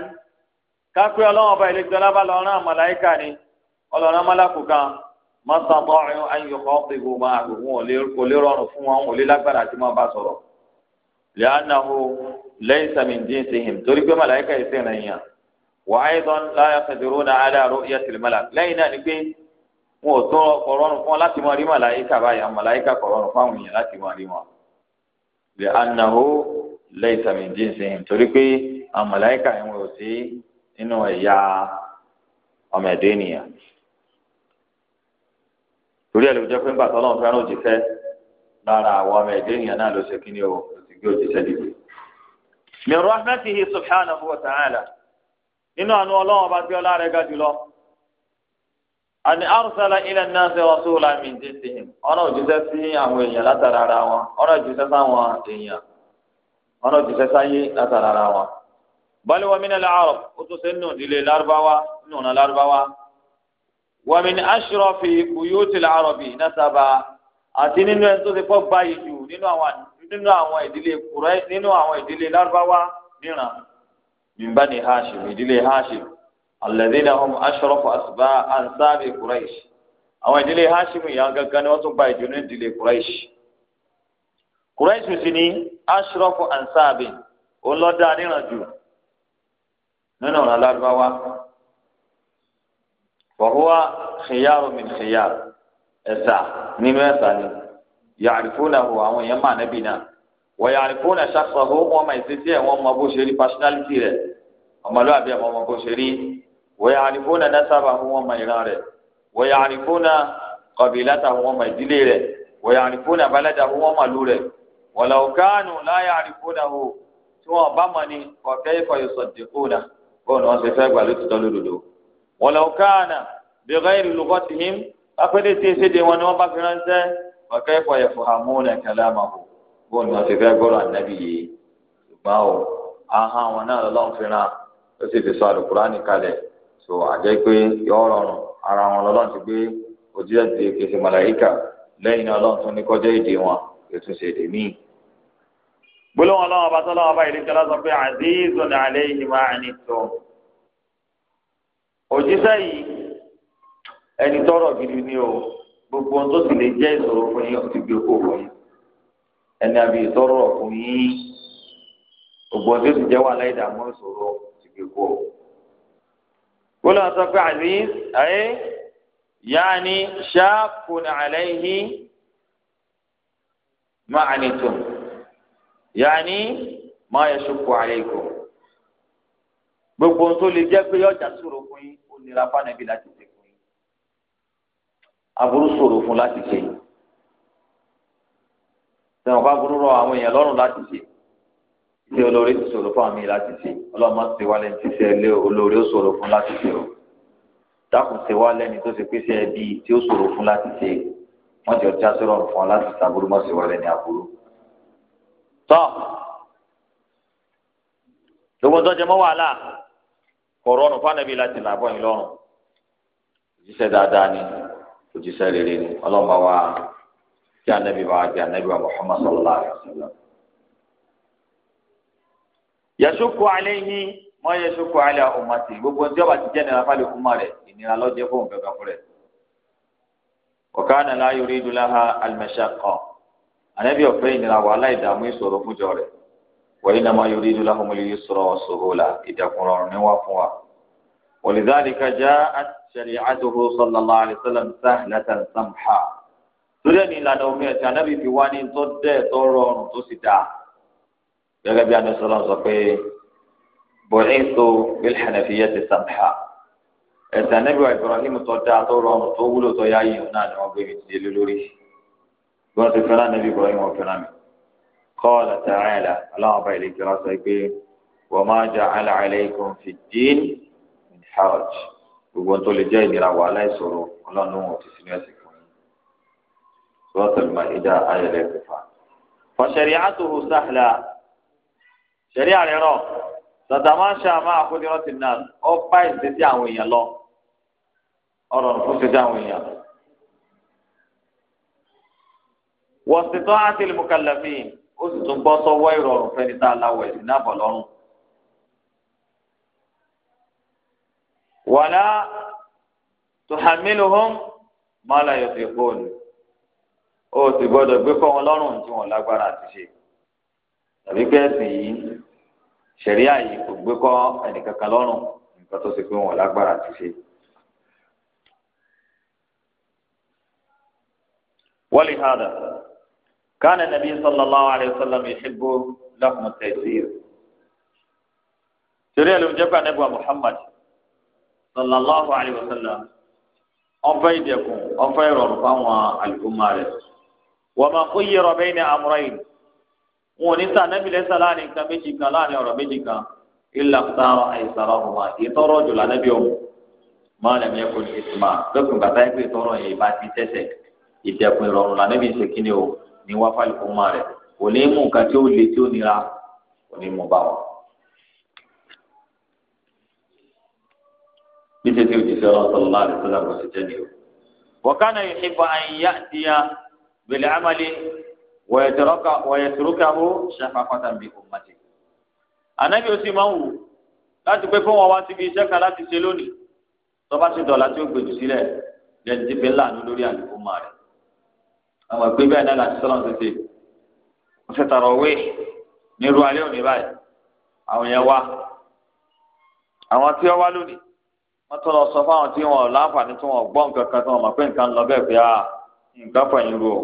kápẹ́ ọlọ́wọ́n ọba ìlẹ́jọ́ lábá lọ́rùn àmàláyíkà ni ọlọ́run amálàkù kan mọ́sàtọ́ ayọ̀kọ́ pẹ̀lú máa gbòòrùn kò lè rọrùn fún wọn kò lè lágbára àti máa bá sọ̀rọ̀ lẹ́yìnáwó lẹ́yìn sàmì dín sí him torí pé màláyíkà yìí sẹ́yìn rẹ̀ yàn wàá ayé dán láyà fẹ̀dúró náà ni wọn ò tún ọkọ̀ rọrùn fún wọn láti máa rí màláyíkà báyà màláyíkà kọ̀ fún àwọn èèyàn láti máa rí wọn. lè anahu lẹ́yìn tàbí jíǹsì torí pé àwọn màláyíkà yẹn wọn sí nínú ẹ̀yà ọmọ ẹ̀dá ènìyàn. torí ẹ̀ ló jẹ́ pé ń bàtọ́ náà fẹ́ràn lára àwọn ọmọ ènìyàn náà ló ṣe kí ni o ló ti gbé àní arusala ilẹ̀ náà ṣe wọ́n sóòlà mi ń tètè ọ̀nà òjíṣẹ́ sí àwọn èèyàn látara ara wọn ọ̀nà òjíṣẹ́ sáwọn èèyàn ọ̀nà òjíṣẹ́ sáyé látara ara wọn. bali wa mina laarọ o tún ṣe nù ìdílé Lárúbáwá nù ọ̀nà Lárúbáwá wa min ashrafi buyuti al-arabi nasaba àti nínú ẹni tó ti kọ́ báyìí jù nínú àwọn nínú àwọn ìdílé kùrẹ́ nínú àwọn ìdílé Lárúbáwá níran min bani Hashim ìdílé Hashim alladhina hum ashrafu àṣùbà ansáàbì kúrẹ́ṣì àwọn ìdílé hashimu yà gángan ni wọ́n tún gba ìjọ ní ìdílé kúrẹ́ṣì kúrẹ́ṣì sì ní ashrafu ansáàbì òun ló dá níranjù nínú ọ̀rọ̀ alárúbáwá wàhúwà khiyaru min khiyar ẹ̀sà nínú ẹ̀sà ni ya'rifunahu àwọn èèyàn máa nẹ́bí náà wọ́n ya'rifuna shakhsahu wọ́n máa ìṣesí ẹ̀ wọ́n mọ bó ṣe rí pásítálítì rẹ̀ ọmọlúwàbí ẹ̀ wọ́n mọ bó ṣe rí wọ́yà àrífóònà nasaba àwọn ọmọ ìran rẹ̀ wọ́yà àrífóònà kọ̀bìlátà àwọn ọmọ ìdílé rẹ̀ wọ́yà àrífóònà balẹ̀dà àwọn ọmọ ìlú rẹ̀ walau kanu láyà àrífóònà o tí wọ́n bá mọ̀ ní ọ̀kẹ́ ikọ̀ yóò sọ̀tì kóònà bọ́ọ̀nù wọn ti fẹ́ gbà ló ti tọ́ lódodo walau kana bi ghairi lughatihim afẹ́lẹ́ tí èsèdè wọn ni wọ́n bá fi ránṣẹ́ ọ̀kẹ́ ikọ̀ yẹ fọ̀hàmúnà kalamahu bọ́ọ̀nù wọn ti fẹ́ gbọ́rọ̀ ànábì yìí ṣùgbọ́n o ahọ́n àwọn náà lọ́n fi ràn ó sì fi sọ àlùkùránì kalẹ̀ so àjẹ́ pé yọ rọrùn ara wọn lọ́lọ́run ti gbé ojú ẹ̀ ti kèsì màláyíkà lẹ́yìn náà lọ́run tún ní kọjá èdè wọn ètò ṣe èdè míì. gbólóhùn ọlọ́run ọba tọ́lọ́ ọba ìlú jọlá sọ pé azizun alayhi ma anittum. òjíṣẹ́ yìí ẹni tọrọ gidi ni o gbogbo ohun tó sì lè jẹ́ ìṣòro fún yín ti gbé kó fún ẹni àbí ìtọ́rọ̀ fún yín gbogbo ohun tó sì jẹ́ wàhálà ìdààmú ìṣòro ti gbé kó fún kóló wọn sọ pé aziz ayé yaani ṣaakun alayhi ma anitum yaani ma yashuku alaykum gbogbo ohun tó lè jẹ́ pé ọjà ṣòro fún yín ó nira fún anabi láti ṣe fún yín aburú ṣòro fún láti ṣe sẹwọn fún aburú rọ àwọn èèyàn lọ́rùn láti ṣe tí olórí ti ṣòro fún àmì láti ṣe ọlọ́mọ ti wá lẹ́ni tí ṣe lé olórí ó ṣòro fún láti ṣe o dákun ṣe wá lẹ́ni tó ṣe pèsè ẹbí tí ó ṣòro fún láti ṣe wọ́n ti ọjà sọ̀rọ̀ fún ọ láti ṣàbúrú mọ́ ṣe wá lẹ́ni àbúrú. tọ́ gbogbo tó jẹ mọ́ wàhálà kò rọrùn fún ànábì láti làbọ̀ yín lọ́rùn òjíṣẹ́ dáadáa ni òjíṣẹ́ rere ni ọlọ́mọ wa kí ànábì wa kí ànábì wa Muhammad yasoko alehin mọ yasoko ale ọmọtì gbogbo tí ọba ti jẹ nira fálẹ fún ma rẹ ìnira lọjẹ fún gàgà fún rẹ ọkà nàlá yorì dùláha al-mashaqqa anabi ọfẹ ìnira wàhálà ìdààmú ìṣòro fúnjọ rẹ wọ́n iná máa yorì dùláha ọmọlẹ yìí sọ̀rọ̀ ọ̀ṣọ́rọ̀ la ìdàkùnrọ̀ ọ̀rùn ni wọ́n fún wa walidhalika ja'at shari'atuhu sallallahu alayhi wa sallam gẹ́gẹ́ bí anusọlọ sọ pé bọ̀ẹ́sọ ilhànàfíyà ti sàmìhà ẹ̀sìn anábìwá Ibrahim tó dáa tó rọrùn tó wúlò tó yá yìí náà ni wọ́n gbé mi ti lé lórí bí wọ́n ti fẹ́ràn anábì Ibrahim wọ́n fẹ́ràn mi kọ́ọ̀lá tààlà aláwọ̀ ọba ìlú ìjọba sọ pé wọ́n máa jẹ àlà alaykum fi dín ní haraj gbogbo tó lè jẹ́ ìnira wàhálà ìṣòro ọlọ́run wọn ti sinú ẹ̀sìn fún yín sọ́ọ̀tàlùmọ̀ ìdá ayẹlẹ́ fífa. fọ̀ṣẹ̀rì àtòhùn sáhìlá ṣẹ̀rí àrẹ rọ̀ tàtàmáṣá máa kúndé rántí náà ọ bá ìṣesí àwọn èèyàn lọ ọ̀rọ̀ fún ìṣesí àwọn èèyàn. wọ́sítọ́ átìlì mùkàlàmí ó sì tún bọ́ sọ́wọ́ ìrọ̀rùn fẹ́ni tá a láwọ̀ ẹ̀sìn náà bọ̀ lọ́rùn. wàlá tùhàmílùhùn mọ́lá yóò fi kóòlù ó sì gbọ́dọ̀ gbé kọ́ wọn lọ́rùn tí wọ́n lágbára àti ṣe tàbí pé yìí ṣẹ̀ríà yìí kò gbé kọ́ ẹnìkankan lọ́rùn nǹkan tó ṣe pé wọn lágbára ti ṣe. ولهذا كان النبي صلى الله عليه وسلم يحب لحم التيسير شريعة الوجبة نبوة محمد صلى الله عليه وسلم ọfẹ ìdẹkùn ọfẹ ìrọ̀rùn fáwọn àlùkùmá rẹ̀ wọ́n máa kó yẹrọ bẹ́ẹ̀ ní amúráyìn wọn ò ní sá nẹ́bí lẹ́sà láàrin nǹkan méjì kan láàrin ọ̀rọ̀ méjì kan ilà sáárọ̀ àìsàrọ̀ ọ̀hún ìtọ́rọ̀ jù lánàá bí ọ̀hún máa lẹ́mí ẹ̀kọ́ ní ìtumà lọ́kùn bàtà ẹ̀kọ́ ìtọ́rọ̀ yẹn ìbá ti tẹ̀sẹ̀ ìdẹ̀kùn ìrọ̀rùn lánàá bí ṣe o ní wá fálùkù máa rẹ̀ kò ní mú nǹkan tí ó le tí ó nira kò ní mú bá wọn. bí ṣe ti òjì sọ́ọ́ sọ́lá àdìsọ́lá kò sì jẹ́ ni o. wọ́n kánà wọ̀yẹ̀tìrúkàwó ṣàfàfàtà bí ọmọdé. ànábì ó sì máa ń wù láti pé fún wọn wá síbi iṣẹ́ kan láti ṣe lónìí tọ́ba ti dọ̀la tí ó gbèjù sílẹ̀ lẹ́yìn tí bẹ́ẹ̀ lànà lórí àlùkò máa rẹ̀. àwọn ìpín bẹ́ẹ̀ náà láti sọ́nà tètè wọ́n ṣe tààrọ̀ wé nírú alẹ́ òní báyìí àwọn yẹn wá àwọn tí wọ́n wá lónìí wọ́n tún lọ sọ fáwọn tí wọ́n láǹfààní tí wọ́n gbọ́ nǹkan kan tí wọ́n mọ̀ pé nǹkan lọ bẹ́ẹ̀ pé à nǹkan fọyín ru o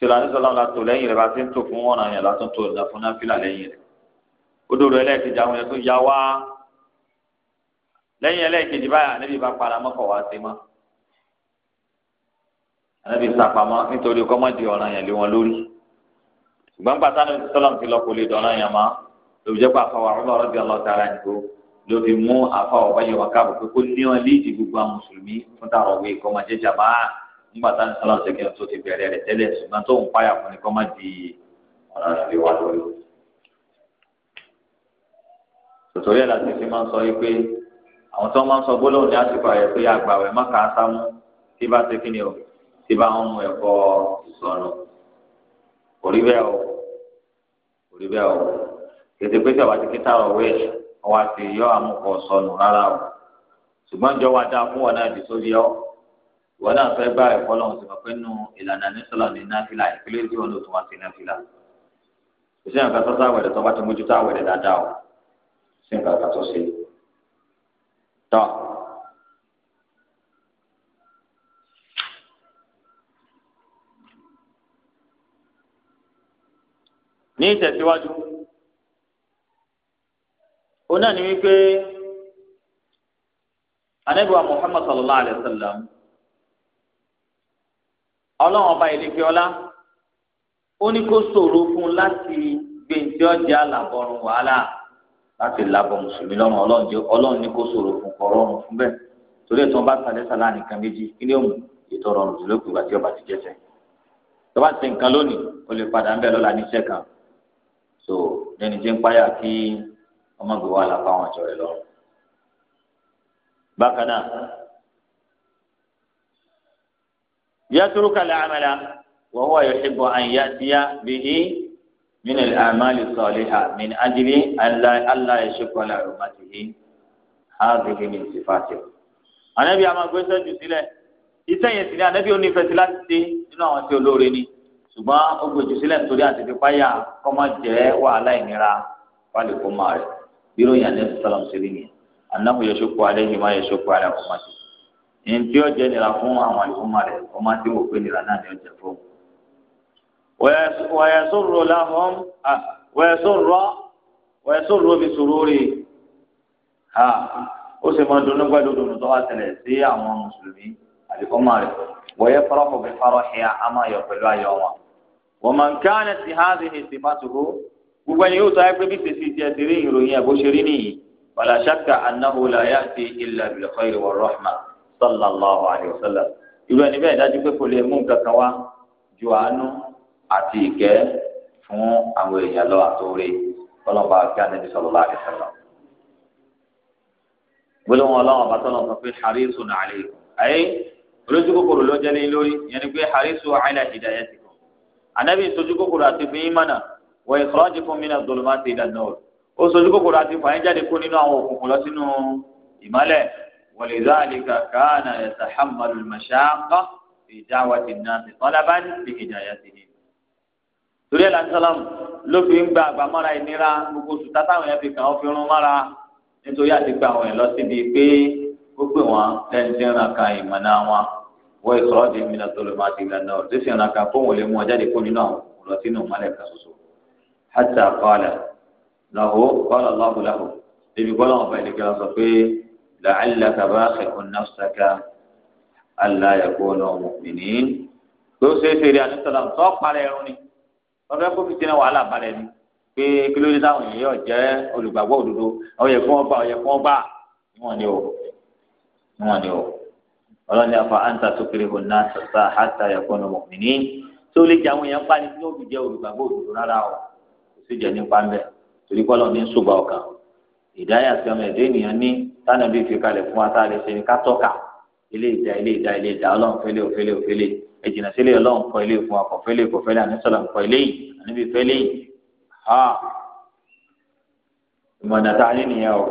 sọlá ní sọlá la tó lẹ́yìn rẹ̀ bá ti ń tó fún wọn àyàn látún tó ìlà fún náfìlà lẹ́yìn rẹ̀ odò rẹ̀ lẹ́ẹ̀kejì àwọn yẹn tó ya wá lẹ́yìn ẹlẹ́ẹ̀kejì báyà níbi bá para mọ́kọ̀ wá sí mọ́ ànábi sàpamọ́ nítorí kọ́mọ́dì ọ̀ràn yẹn lé wọn lórí ṣùgbọ́n pàtà ní sọlá ti lọ kó lè dọ̀ràn yẹn mọ́ lóbi jẹ́ pé àfọwọ́ àwọn ọ̀rọ̀ bí ọlọ́ta ara nìkó mú àfọwọ́ báyọ̀ wọn káàbọ̀ kó ní wọn líìdì gbogbo àwọn mùsùlùmí fún tààrọ̀ wí kọ́mọ́jẹ́jà máa nígbà tá a ní sọlọ́n ṣe kí n tó ti bẹ̀rẹ̀ rẹ̀ tẹ́lẹ̀ ṣùgbọ́n tó ń páyà fún ni kọ́ má di ọ̀ràn rẹ̀ lé wa lórí. tòtòrí ẹ̀ láti fi máa ń sọ yìí pé àwọn tó máa ń sọ gbólóhùn ní àsìkò àyè pé àgbà rẹ̀ má kà á sámú tí bá ṣe kí ni o tí bá ń mu ẹ̀kọ́ ìsọnù kò bẹ́ẹ̀ o kò bẹ́ẹ̀ o kètè pé tí ti kí táwọn òwe ọwọ́ àti yọ àmúkọ sọnù rárá o ṣùgbọ́n ìjọba ìwọ náà fẹ́ bá ẹ̀kọ́ lọ́wọ́ sí wọn pé nù ìlànà nísọlọ ní náfìlà ìpínlẹ̀ tí wọn lò tó wọn sí náfìlà kò sí nǹkan tó sá tó bá ti mójútó àwẹ̀rẹ̀ dáadáa o sí nǹkan kan tó ṣe tọ́. ní ìtẹ̀síwájú òun náà ni wípé anabiwa Muhammad sallallahu alayhi wa sallam ọlọ́run ọba ìlẹ́fẹ́ ọlá ó ní kó ṣòro fún un láti gbèǹdé ọjà làbọ̀rùn wàhálà láti làbọ̀ mùsùlùmí lọ́rùn ọlọ́run ní kó ṣòro fún kọ́rọ́rùn fún bẹ́ẹ̀ torí ẹ̀tọ́ bá sàlẹ̀ sàlá nìkan méjì kí ni òun ètò ọ̀rọ̀ òdùlé kù ìgbà tí ọba ti jẹ́sẹ̀ tó bá ti nǹkan lónìí ó lè padà ń bẹ̀ lọ́la níṣẹ́ kan so lẹ́ni tí ń páyà kí ọmọ gbé wàhálà fáwọn àjọ rẹ̀ lọ́rùn bákan náà yàtúrú kalẹ̀ àmàlà wọ́n wà yóò ṣe bọ̀ àyà díà bìí min al-amali saliha min ajli allah yashqa la ummatihi hadhihi min sifatihi anabi ama gbèsè jù sílẹ̀ iṣẹ́ yẹn sì ni anabi ó nífẹ̀ẹ́ sí láti ṣe nínú àwọn tí olóore ni ṣùgbọ́n ó gbèjù sílẹ̀ nítorí àti fipáyà kọ́ máa jẹ́ wàhálà ìnira wálé kó máa rẹ̀ bí ròyìn anabi sálọm sí rí nìyẹn anahu yashqa alayhi ma yashqa ala ummatihi ntí ọjọ nira fún àwọn àlùmọ rẹ ọmọ tí wọ́n pè nira náà ní ọjà fún. wẹ̀ẹ́sọ̀rọ̀ làwọn wẹ̀ẹ́sọ̀rọ̀ wẹ̀ẹ́sọ̀rọ̀ bí sòrò rè ha ó sì máa dunu pẹ̀lú dunu tó wá tẹ̀lẹ̀ sí àwọn mùsùlùmí àlùkọ́mọ rẹ wẹ̀ẹ́ fọ́rọ́fọ́ bí fọ́rọ́ ṣe àmà yọ pẹ̀lú ayọ̀ wọn. wọ́n máa ń ká ní ti hàn ní ti má tòrò gbogbo ẹni yóò tọ́ pé bí tèsí ti ẹ ti rí ìròyìn ẹ̀ bó ṣe rí nìyí wàlá ṣàkà annahu la ya'ti illa bil khair wa sallallahu alayhi wa sallam irú ẹni bẹ́ẹ̀ dájú pé kò lè mú nǹkan kan wá ju àánú àti ìkẹ́ fún àwọn èèyàn lọ àtòrè ọlọ́ba kí anabi sallallahu alayhi wa sallam. gbólóhùn ọlọ́run ọba tọ́lọ̀ sọ pé harisun alaykum ayé olójú kòkòrò ló jẹ́ lẹ́yìn lórí yẹn ni pé harisun ala hidayatikum anabi sojú kòkòrò àti fi yín mọ̀nà wa ikhrajikum min adh-dhulumati ila an-nur ó sojú kòkòrò àti fàyín jáde kó nínú àwọn òkùnkùn lọ sínú ìmọ́lẹ̀ ولذلك كان يتحمل المشاقة في دعوة الناس طلبا لهدايتهم torí ẹ̀ lásán ló fi ń gba àgbàmọ́ra ìnira gbogbo sùtá táwọn yẹn fi kàn án fi rún mọ́ra nítorí àti pé àwọn yẹn lọ síbi pé ó pè wọ́n lẹ́ńdínrán kan ìmọ̀nà wọn wọ́n ìsọ̀rọ̀ di mìíràn tó lè máa ti gbà náà tó sì ràn kan fóun lè mú ọ jáde kó nínú àwọn kò lọ sínú ìmọ̀lẹ̀ kan ṣoṣo. hàtà kọ́lá lọ́hùn kọ́lá lọ́hùn lọ́hùn débi kọ́lá wọn fẹ́ẹ́ lè kí wọ́n sọ pé لعلك باخع نفسك ألا يكونوا مؤمنين tó ṣe é ṣe rí àdúntàlá tó parẹ́ ẹ̀rùn في wọ́n fẹ́ kó fi tẹ́lẹ̀ wàhálà balẹ̀ ni pé kí ló dé táwọn èèyàn yóò jẹ́ olùgbàgbọ́ òdodo ọ̀yẹ̀ fún ọba ọ̀yẹ̀ fún ọba níwọ̀n ni o níwọ̀n ni o ọlọ́ni afa anta tó kiri hùn náà sàtà hàtà mọ̀mìnì tó lè jẹ àwọn èèyàn pa ni yóò fi jẹ́ olùgbàgbọ́ òdodo rárá o kò sì jẹ́ nípa ń bẹ̀ torí kọ́ ní ṣùgbọ́n ọ̀kan ìdáyà sí ọmọ ẹ̀dẹ́ ènìyàn ní tánà bí fi kalẹ̀ fún wa tá a lè ṣe ní ká tọ́ka ilé ìdá ilé ìdá ilé ìdá ọlọ́run fẹ́lẹ́ òfẹ́lẹ́ òfẹ́lẹ́ ẹ̀jìnà sílẹ̀ ọlọ́run kọ́ ilé fún wa kọ́ fẹ́lẹ́ kọ́ fẹ́lẹ́ àníṣọ́lá kọ́ ilé yìí àníbi fẹ́lẹ́ yìí ha ìmọ̀nà tá a ní nìyẹn o.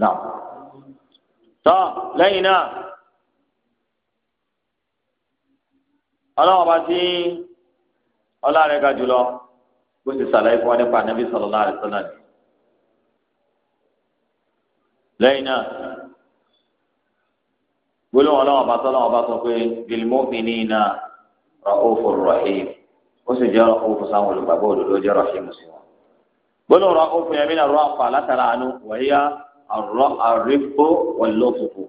nà tọ́ lẹ́yìn náà ọlọ́run bá ti ọlá ga jùlọ bó ti sàlàyé fún wa nípa ànábì sallallahu alaihi wasallam lẹ́yìn náà gbólóhùn ọlọ́run ọba tọ́lọ́run ọba sọ pé bilmu'minina ra'ufur rahim ó sì jẹ́ ra'ufu sáwọn olùgbàgbọ́ òdodo jẹ́ rahimu sí wọn. gbólóhùn ra'ufu yẹn mìíràn rọ àpà látara àánú wàyíyá àrọ àrífò wọlọ́fùfù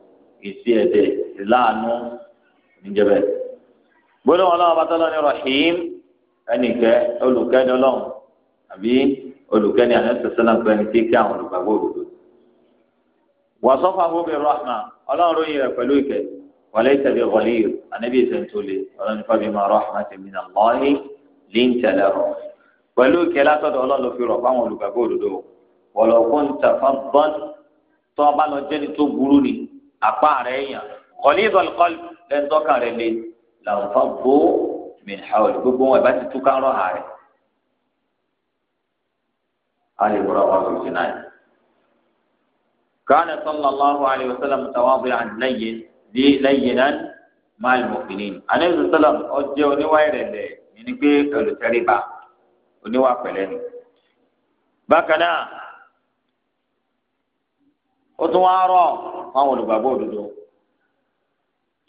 ìsí ẹ̀dẹ̀ ìlànà níjẹ̀bẹ̀. gbólóhùn ọlọ́run ọba tọ́lọ́run ní rahim ẹnìkẹ́ olùkẹ́ni ọlọ́run àbí olùkẹ́ni àná wàsọ́fà hóbi rahma ọlọ́run ròyìn rẹ̀ pẹ̀lú ìkẹ́ wàlẹ́ ìtẹ̀lẹ́ wọlé yìí ànábì ìsẹ̀ntólè ọlọ́run fàbí ma rahma ti mi náà lọ́ọ̀hìn líńtẹ̀lẹ̀ rọ̀ pẹ̀lú ìkẹ́ látọ̀dọ̀ ọlọ́run ló fi rọ̀ fáwọn olùgbàgbọ́ òdodo wọ̀lọ́kùn tàfà bọ́n tó ọba lọ jẹ́ni tó burú ni apá rẹ̀ yàn kọ́lí ìdọ̀lùkọ́lù lẹ́ńtọ́kà كان صلى الله عليه وسلم متواضعا لين لينا مع المؤمنين عليه السلام ọjẹ oníwà ìrẹ̀lẹ̀ ní pé olùtẹríba oníwà pẹ̀lẹ́ ni. bákan náà ó tún wá rọ fáwọn olùgbàgbọ́ òdodo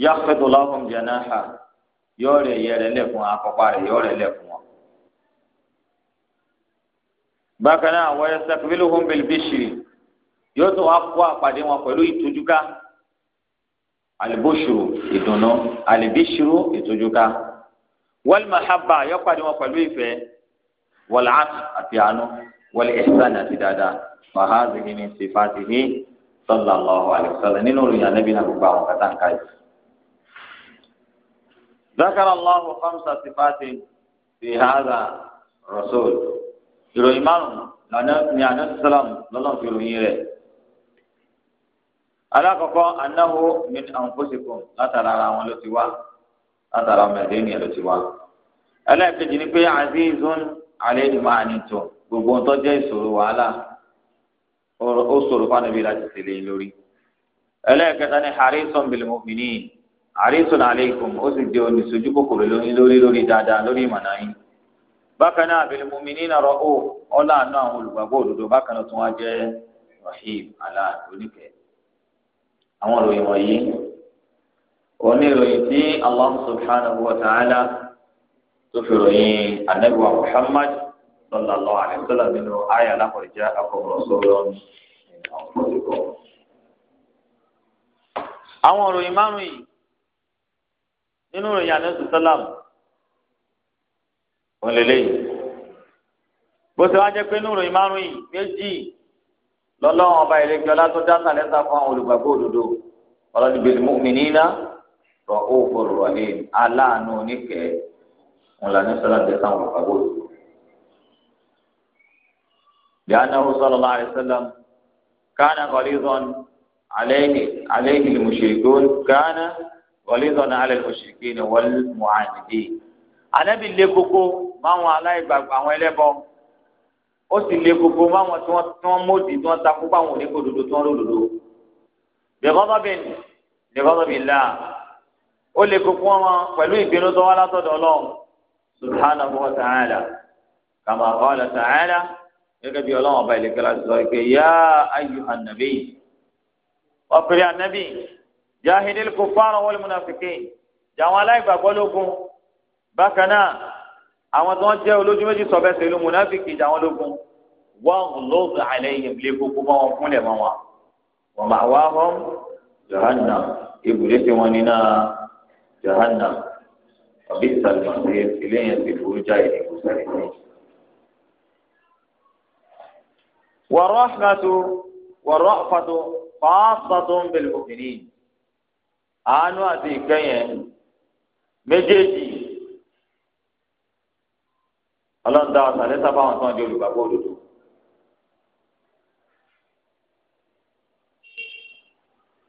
yakhfidu lahum janaha yóò rẹ̀ yẹ rẹ̀ lẹ̀ fún akọ́pá rẹ̀ yóò rẹ̀ lẹ̀ fún wọn. bákan náà wa yastakbiluhum bil bishri yóò tún wá kó àpàdé wọn pẹ̀lú ìtújúká alibóṣùrù ìdùnnú alibíṣùrù ìtújúká wal mahabba yóò pàdé wọn pẹ̀lú ìfẹ́ wal atf àti àánú wal ihsan àti dáadáa fàhádìí min sifatihi sallallahu alayhi wa sallam nínú olùyàn níbi náà gbogbo àwọn kàtà ń ka yìí. ذكر الله خمس صفات في هذا الرسول ìròyìn márùn-ún lànà ní àná sísálàmù lọ́lọ́run alakoko anahu min anfusikum latara ara wọn ló ti latara mẹdẹni ló ni azizun alayhi ma anittum gbogbo ń jẹ isoro wàhálà o soro fánàbí láti sele lori. lórí ni harisun bilimu mu'minin harisun alaykum ó sì lori lori bákan náà àwọn olùgbàgbọ́ òdodo bákan náà tún wá jẹ́ rahim aláàdúnìkẹ́ àwọn ìròyìn wọ̀nyí oníròyìn tí Allah subhanahu wa ta'ala tó fi ròyìn anabi Muhammad sallallahu alaihi nínú ayé alákọ̀ọ́jà akọ̀rọ̀ sọ̀rọ̀ àwọn ìròyìn márùn yìí nínú ìròyìn anabi sallam wọn bó ṣe wá jẹ́ pé nínú ìròyìn márùn yìí méjì. lọ́lọ́wọ́n ọba ìlẹ́gbẹ́ ọlátọ́jà sàlẹ́sà fún àwọn olùgbàgbọ́ òdodo ọlọ́dún bíi mu'minina rọ òfò rọ̀lẹ́ aláàánú oníkẹ́ ńlá ní sọ́lá tẹ̀sà àwọn olùgbàgbọ́ òdodo. لأنه صلى الله عليه وسلم كان غليظا عليه عليه المشركون كان غليظا على المشركين والمعاندين. أنا بالله كوكو ما هو على àwọn ẹlẹ́bọ ó sì lé gbogbo báwọn tí wọ́n tí wọ́n mọdì tí wọ́n takú báwọn oníkòdodo tí wọ́n lòdòdò bẹgọdọbìn bẹgọdọbìn là ó lé gbogbo wọn pẹ̀lú ìbínú tó wá látọ̀dọ̀ Ọlọ́run subhanahu wa ta'ala kama qala ta'ala gẹ́gẹ́ bí Ọlọ́run ọba ìlẹkẹ láti sọ pé yá ayyuhan nabi ọpẹlẹ anabi jahidil kuffara wal munafiqin jàwọn aláìgbàgbọ́ lógun bákan náà àwọn tó ń jẹ́ olójú méjì sọ̀bẹ́sẹ̀ ló múnáfíkì ìjà wọn lógun wọ́n ló ń àlẹ́ yìí lé gbogbo mọ́ wọn fúnlẹ̀ mọ́ wọn. wọ́n máa wá hàn jahanna ibùdó tí wọ́n ní náà jahanna ọ̀bí ìsàlùmọ̀ sí eléyìí ti burú já ìdí kò sáré ní. wọ̀rọ̀ fàtó wọ̀rọ̀ fàtó fàásàtó ń bẹ̀rẹ̀ òkìní. àánú àti ìkẹyẹ méjèèjì ọlọ́run dá ọ̀sán lẹ́sà fáwọn tó ń di olùgbàgbọ́ òdodo.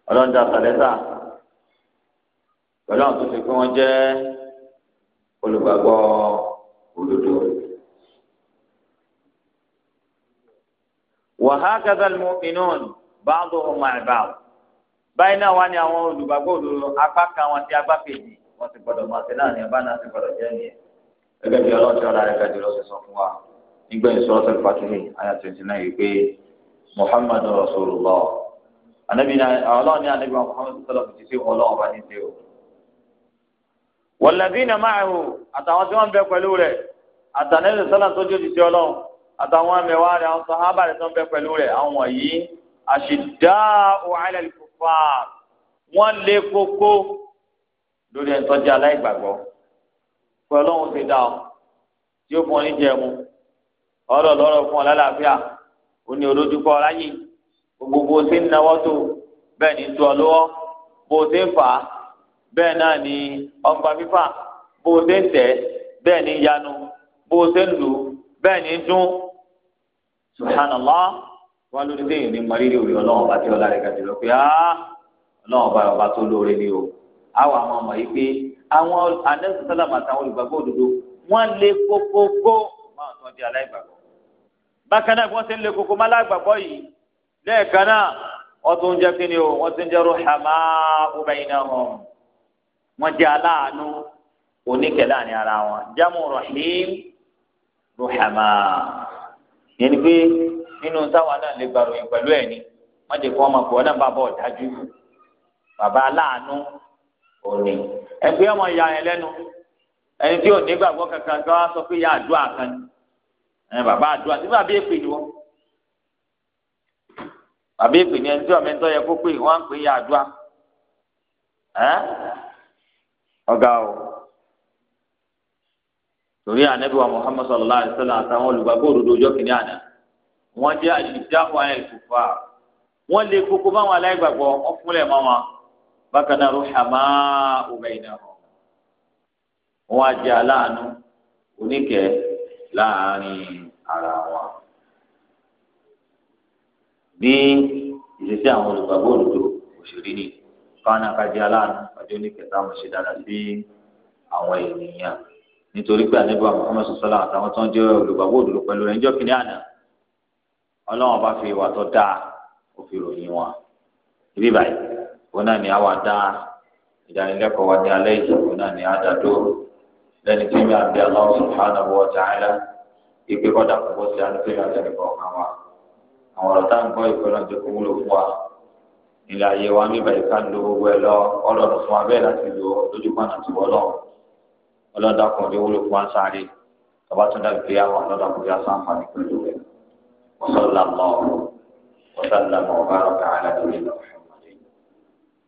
ọlọ́run dá ọ̀sán lẹ́sà pẹ̀lú àwọn tó ṣe pé wọ́n jẹ́ olùgbàgbọ́ òdodo. wàhákàtà mọ́mìnún báńdò ọmọ àìbáw báyìí náà wá ní àwọn olùgbàgbọ́ òdodo apá kan wọn tí agbá kejì wọn ti gbọdọ̀ mọ̀ sí náà ní ọba náà ti gbọdọ̀ jẹ́ nìyẹn gẹ́gẹ́ bí ọlọ́ọ̀tí ọ̀la rẹ̀ gàdí lọ́sẹ̀ sọ fún wa nígbà ìṣọ́ọ̀tì fatihi aya twenty nine yìí pé muhammadu rasulullah anabi na ọlọ́ọ̀ni anabi wa muhammadu sallam ti ṣe ọlọ́ọ̀ bá ní tẹ́wọ̀. walladhina ma'ahu àtàwọn tí wọ́n bẹ pẹ̀lú rẹ̀ àtànẹ́lẹ̀ sálàm tó jòjì sí ọlọ́run àtàwọn ẹ̀mẹ̀wá wọ́n lé koko lórí ẹ̀ńtọ́jà aláìgbàgbọ́ pẹ̀lú òun ti dà ọ́ tí ó fún ọ ní jẹ̀mú ọ̀rọ̀ lọ́rọ̀ fún ọ lálàáfíà ó ní olójúkọ ráyè gbogbo tí ń nawọ́ tó bẹ́ẹ̀ ní tu ọ lọ́wọ́ bó ti ń fà á bẹ́ẹ̀ náà ní ọgbà fífà bó ti ń tẹ̀ bẹ́ẹ̀ ní yanu bó ti ń lù bẹ́ẹ̀ ní dún subhanallah wọn lórí déyìn ní mọrírì òrì Ọlọ́run ọba tí ọlá rẹ̀ gàdúrà pé á Ọlọ́run ọba tó lóore ni o àwọn àwọn ọmọ yìí pé àwọn anẹ́sùn sálàmù àtàwọn olùgbàgbọ́ òdodo wọ́n lé kókókó máa tán di aláìgbàgbọ́. bákan náà bí wọ́n ti ń lé kókó má láìgbàgbọ́ yìí lẹ́ẹ̀kan náà wọ́n tún jẹ́ kí ni o wọ́n ti ń jẹ́ ruhama bainahum wọ́n jẹ́ aláàánú oníkẹ̀lá ní ara wọn jámù rahim ruhama yẹn ni pé nínú táwọn náà lè gbàròyìn pẹ̀lú ẹ̀ ni wọ́n jẹ́ kí wọ́n náà bàbá ọ̀dájú òní ẹgbẹ́ ọmọ ìyá yẹn lẹ́nu ẹni tí ò ní gbàgbọ́ kankan tó wá sọ pé ìyá àdúrà kan ni bàbá àdúrà tí bàbá èpè ni wọ́n bàbá èpè ni ẹni tí ọmọ ẹni tó yẹ kó pè wọ́n ń pè ìyá àdúrà ọ̀gá o torí ànábì wa sallallahu àtàwọn olùgbàgbọ́ òdodo ọjọ́ àná wọ́n jẹ́ àyẹ̀kùfà wọ́n lè báwọn bákan náà ruhama ubayna wọn á jẹ aláàánú oníkẹ láàrin ara wọn bí ìṣesí àwọn olùgbàgbọ́ òdodo òṣèré ni fáwọn akájẹ aláàánú ọjọ́ oníkẹta wọn ṣe dára sí àwọn ènìyàn nítorí pé àníbọ̀ Muhammad sọ̀sọ́lá àtàwọn tó ń jẹ́ olùgbàgbọ́ òdodo pẹ̀lú rẹ̀ ń jọ́ àná ọlọ́run bá fi ìwà tó dáa ó fi ròyìn wọn ibi báyìí òun náà ni a wà dá ìdánilẹ́kọ̀ọ́ wa ní alẹ́ yìí òun náà ni a dá dúró lẹ́ni tí mi àbí Allah subhanahu wa ta'ala ìpè kọ́dà púpọ̀ sí àdúgbò àtẹnìkọ̀ kan wa àwọn ọ̀rọ̀ tá à ń wúlò fún wa ilé ayé wa níbà yìí ká ń gbogbo ẹ lọ ọlọ́run fún wa bẹ́ẹ̀ láti lo lójúkọ̀ náà ti wọ́ lọ́wọ́ ọlọ́dàkùn ní wúlò fún wa sáré tọ́ba tún dàbí pé àwọn ọlọ́dàkùn yà sáǹfààní pẹ̀lú rẹ̀ wọ́n sọ̀rọ̀ làmọ́ wọ́n sọ̀rọ̀ làmọ́ ọ̀bá rọ̀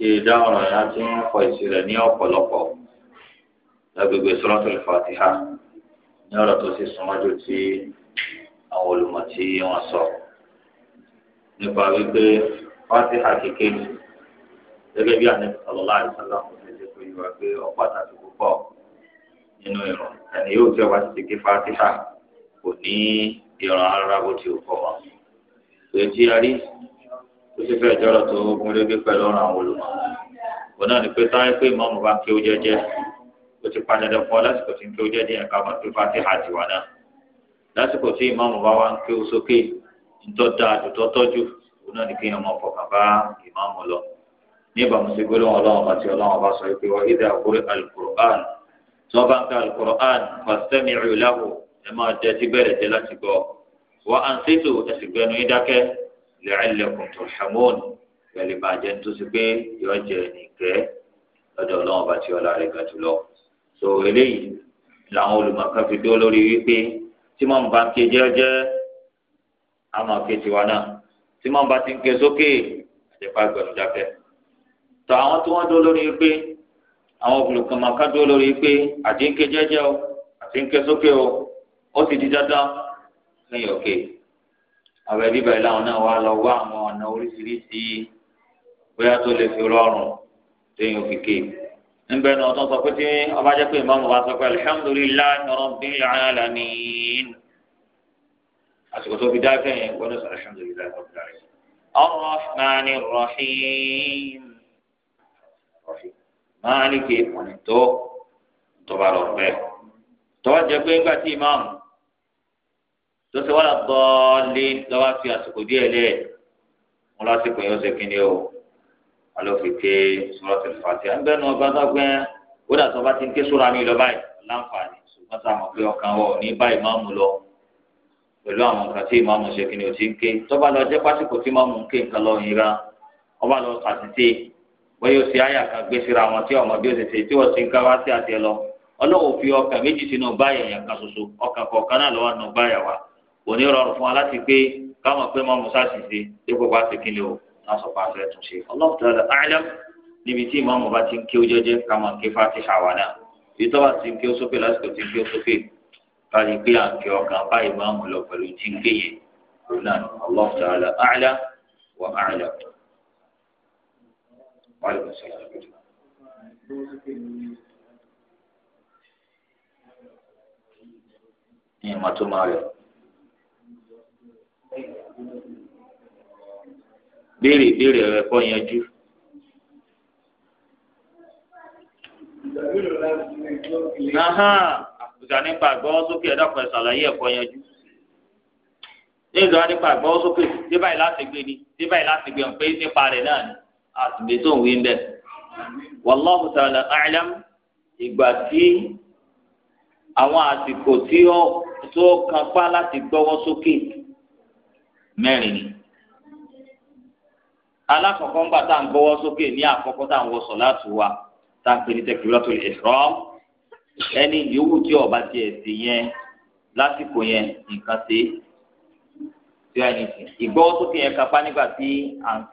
ṣe dá ọ̀rọ̀ yẹn tí ń kọ ìṣirẹ̀ ní ọ̀pọ̀lọpọ̀ lágbègbè Suratul Fatiha ní ọ̀rọ̀ tó sì súnmọ́jú tí àwọn olùmọ̀ tí wọ́n sọ nípa wípé Fatiha kékeré gẹ́gẹ́ bí àná sallallahu alaihi wasallam ṣe pé ìwà pé ọ̀pàtàkì púpọ̀ nínú ìrun ẹni yóò tẹ́ wá sí ké Fatiha kò ní ìrun ara bó ti kọ̀ wọ́n ó sì fẹ́ jọrọ tó ogun régé pẹ̀lú ọ̀ràn àwọn olùmọ̀ òun náà ni pé táyé pé ìmọ̀ọ́mù bá ń ké ó jẹ́jẹ́ ó ti pa dandan fún ọ lásìkò tí ń ké ó jẹ́jẹ́ yẹn ká máa fi fati àti wà náà lásìkò tí ìmọ̀ọ́mù bá wá ń ké ó sókè ńtọ́ da àdùtọ́ tọ́jú òun náà ni kí ọmọ fọkàn bá ìmọ̀ọ́mù lọ ní ìbámu sí gbólóhùn ọlọ́run la'allakum turhamun pẹ̀lú ìbàjẹ́ tó ṣe pé yọ jẹ nìkẹ́ lọ́dọ̀ ọlọ́run bá ti ọlá rẹ̀ ga jùlọ. so eléyìí làwọn olùmọ̀ọ́ká fi dó lórí wípé tí mọ̀ ń bá ké jẹ́jẹ́ àmọ̀ ké tiwa náà tí mọ̀ ń bá ti ń ké sókè àjẹpá gbẹ̀rún dákẹ́. tọ́ àwọn tí wọ́n dó lórí wípé àwọn olùkọ̀mọ̀ọ́ká dó lórí wípé àti ń ké jẹ́jẹ́ o àti ń ké sókè o ó sì di dandan abẹ́bí báyìí láwọn náà wá lọ wá àwọn ọ̀nà oríṣiríṣi bóyá tó lè fi rọrùn téèyàn fi ké níbẹ̀ náà tó sọ pé tí ọba jẹ́ pé ìmáàmù wa sọ pé alihamudulilayi rabbil alamin àsìkò tó fi dá kẹ́yìn gbọ́dọ̀ sọ alihamudulilayi rabbil alamin arrahmani rahim máàlì ké pọ̀nìtó tọ́ba rọ̀ pẹ́ tọ́wọ́ jẹ́ pé ńgbà tí ìmáàmù tó ṣe wọ́n lọ bọ́ọ̀lì lọ́wọ́ fi àsìkò díẹ̀ lẹ̀ wọ́n lọ sí pẹ̀yìn ọ̀sẹ̀ kìíní o wọ́n lọ fi ké Suratul Fatiha ń bẹ́ẹ̀ ní ọba tó gbẹ́ ó dà tó bá ti ń ké sóra mi lọ báyìí láǹfààní ṣùgbọ́n tá a mọ̀ pé ọkàn wọ̀ ní báyìí máa mú lọ pẹ̀lú àwọn nǹkan tí ìmáàmù ṣe kí ni ò ti ń ké tọ́ba lọ jẹ́ pásítọ̀ tí ìmáàmù ń ké nǹkan lọ yìnra ọba lọ sàtìtì wọ́n yóò ṣe àyà kan gbé síra wọn tí ọmọ bí ó ṣe ṣe tí wọ́n ti ń ká wá sí àtẹ lọ ọlọ́wọ́ fi ọkàn méjì sínú báyà yẹn kan ṣoṣo ọkàn kọ̀ọ̀kan náà lọ́wọ́ nù báyà wa kò ní rọrùn fún wa láti gbé káwọn pé mọ́ musa sì ṣe dípò pa ṣe kílẹ̀ o náà sọ pé a fẹ́ tún ṣe Allahu ta'ala a'lam níbi tí ìmọ̀ ọmọba ti ń kí ó jẹ́jẹ́ káwọn ké fatiha wa náà ìtọ́ wa ti ń kí ó sókè lásìkò ti ń kí ó sókè káyọ̀ pé à ń kí ọkàn báyìí máa mú lọ pẹ̀lú tí ń ké yẹn òun náà Allahu ta'ala a'lam wa a'lam. وعليكم السلام ورحمة béèrè ìbéèrè rẹ kọ́ yanjú. àkùsà nípa àgbọ̀wọ́ sókè ẹ̀dá kan ṣàlàyé ẹ̀kọ́ yanjú. ní ìlú wa nípa àgbọ̀wọ́ sókè tí báyìí láti gbé ni tí báyìí láti gbé ọ̀pẹ́ nípa rẹ̀ náà ni àtìgbè tó ń wí ń bẹ̀. wallahu ta'ala a'lam ìgbà tí àwọn àsìkò tí ó kan pa láti gbọ́wọ́ sókè. mẹ́rin ni alákọ̀ọ́kọ́ ńgbà tá à ń wa tá à ń pè ní ẹni yòówù tí ọba bá yẹn lásìkò yẹn nǹkan ṣe tí ó yẹn ti ìgbọ́wọ́ sókè yẹn kápá nígbà tí à ń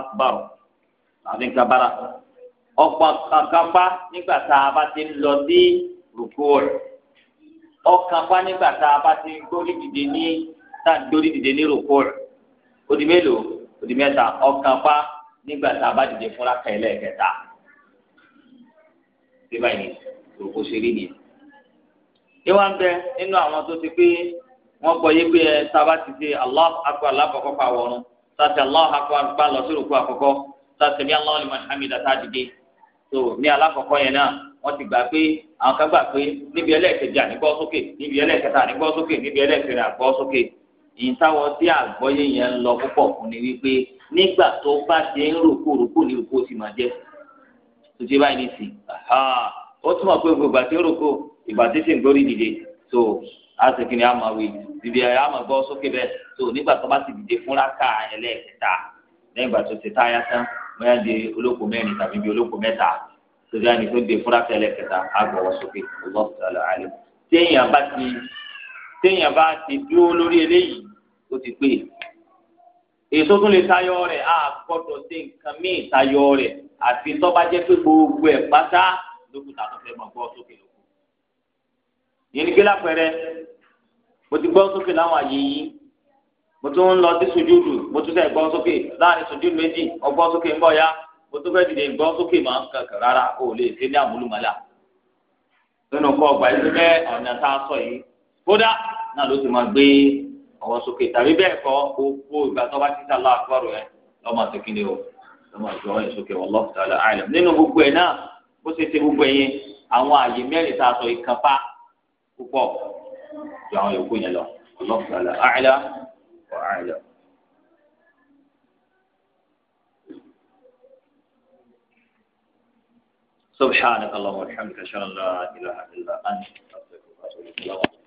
akbar àbí nígbà tá a ti ń lọ sí nígbà tá a bá ti ń gbórí dìde tá à ń dórí dìde ní rògbòrò odi mélòó odi mẹ́ta ọkàn pa nígbà tá a bá dìde fúnra kẹlẹ kẹta ṣé báyìí rògbò ṣe rí nìyẹn. ìwà ń bẹ nínú àwọn tó ti pé wọn gbọ́ yé pé ẹ sábà ti ṣe allah akbar lákòókò pa wọrun sáti allah akbar pa lọ sí rògbò àkọ́kọ́ sáti bí allah liman hamida tá a dìde tó ní alákọ̀ọ́kọ́ yẹn náà wọ́n ti gbà pé àwọn kan gbà pé níbi ẹlẹ́ẹ̀kejì ànígbọ́ sókè níbi ẹlẹ́ẹ̀kẹta ànígbọ́ sókè níbi ẹlẹ́ẹ̀kẹrin àgbọ́ sókè ìtawọ́ tí àgbọ́yé yẹn ń lọ púpọ̀ fún ni wípé nígbà tó bá ṣe ń rúkú rúkú ní rúkú ti máa jẹ́ tó ṣe báyìí ní sìn ó túmọ̀ pé gbogbo ìgbà tí ó rúkú ìgbà tí sì ń gbórí dìde tó àṣekìnì àmàwé dìde àmà gbọ́ sókè bẹ́ẹ̀ tó nígbà tó bá sì dìde fúnra ká ẹlẹ́ẹ̀kẹta lẹ́yìn ìgbà tó ti táyà tán bóyá di olóko mẹ́rin tàbí bí olóko mẹ́ta tó dáa ní tó de fúnra ká ẹlẹ́ẹ̀kẹta àgbọ̀wọ́ sókè ọlọ́ọ̀tà làálẹ̀ téèyàn bá ti téèyàn bá ti dúró lórí eléyìí tó ti pé èso tún lè tayọ rẹ̀ a gbọ́dọ̀ ṣe nǹkan míì tayọ rẹ̀ àfi tó pé gbogbo ẹ̀ pátá lókùtà tó sókè ni lápẹẹrẹ mo ti gbọ sókè láwọn àyè yìí mo tún ń lọ sí sùjúdù mo tún fẹ́ gbọ́ sókè láàrin sùjúdù méjì sókè ń ya mo tún fẹ́ dìde gbọ́ sókè máa ń kankan rárá o lè ṣe ní nínú ọgbà yìí ọ̀nà tá a sọ yìí kódà náà ló ti máa ọwọ́ sókè tàbí bẹ́ẹ̀ kọ́ gbogbo ìgbà tó bá títà lọ àkúrò yẹn lọ́mọ tó kí ni o lọ́mọ tó ọyàn sókè wallahu ta'ala a'lam nínú gbogbo ẹ̀ náà bó ṣe ṣe gbogbo ẹ̀yẹn àwọn àyè mẹ́rin tá a sọ ìkànpá púpọ̀ ju àwọn yòókù yẹn lọ wallahu ta'ala a'lam wa a'lam. سبحانك اللهم وبحمدك اشهد ان لا اله الا انت استغفرك واتوب اليك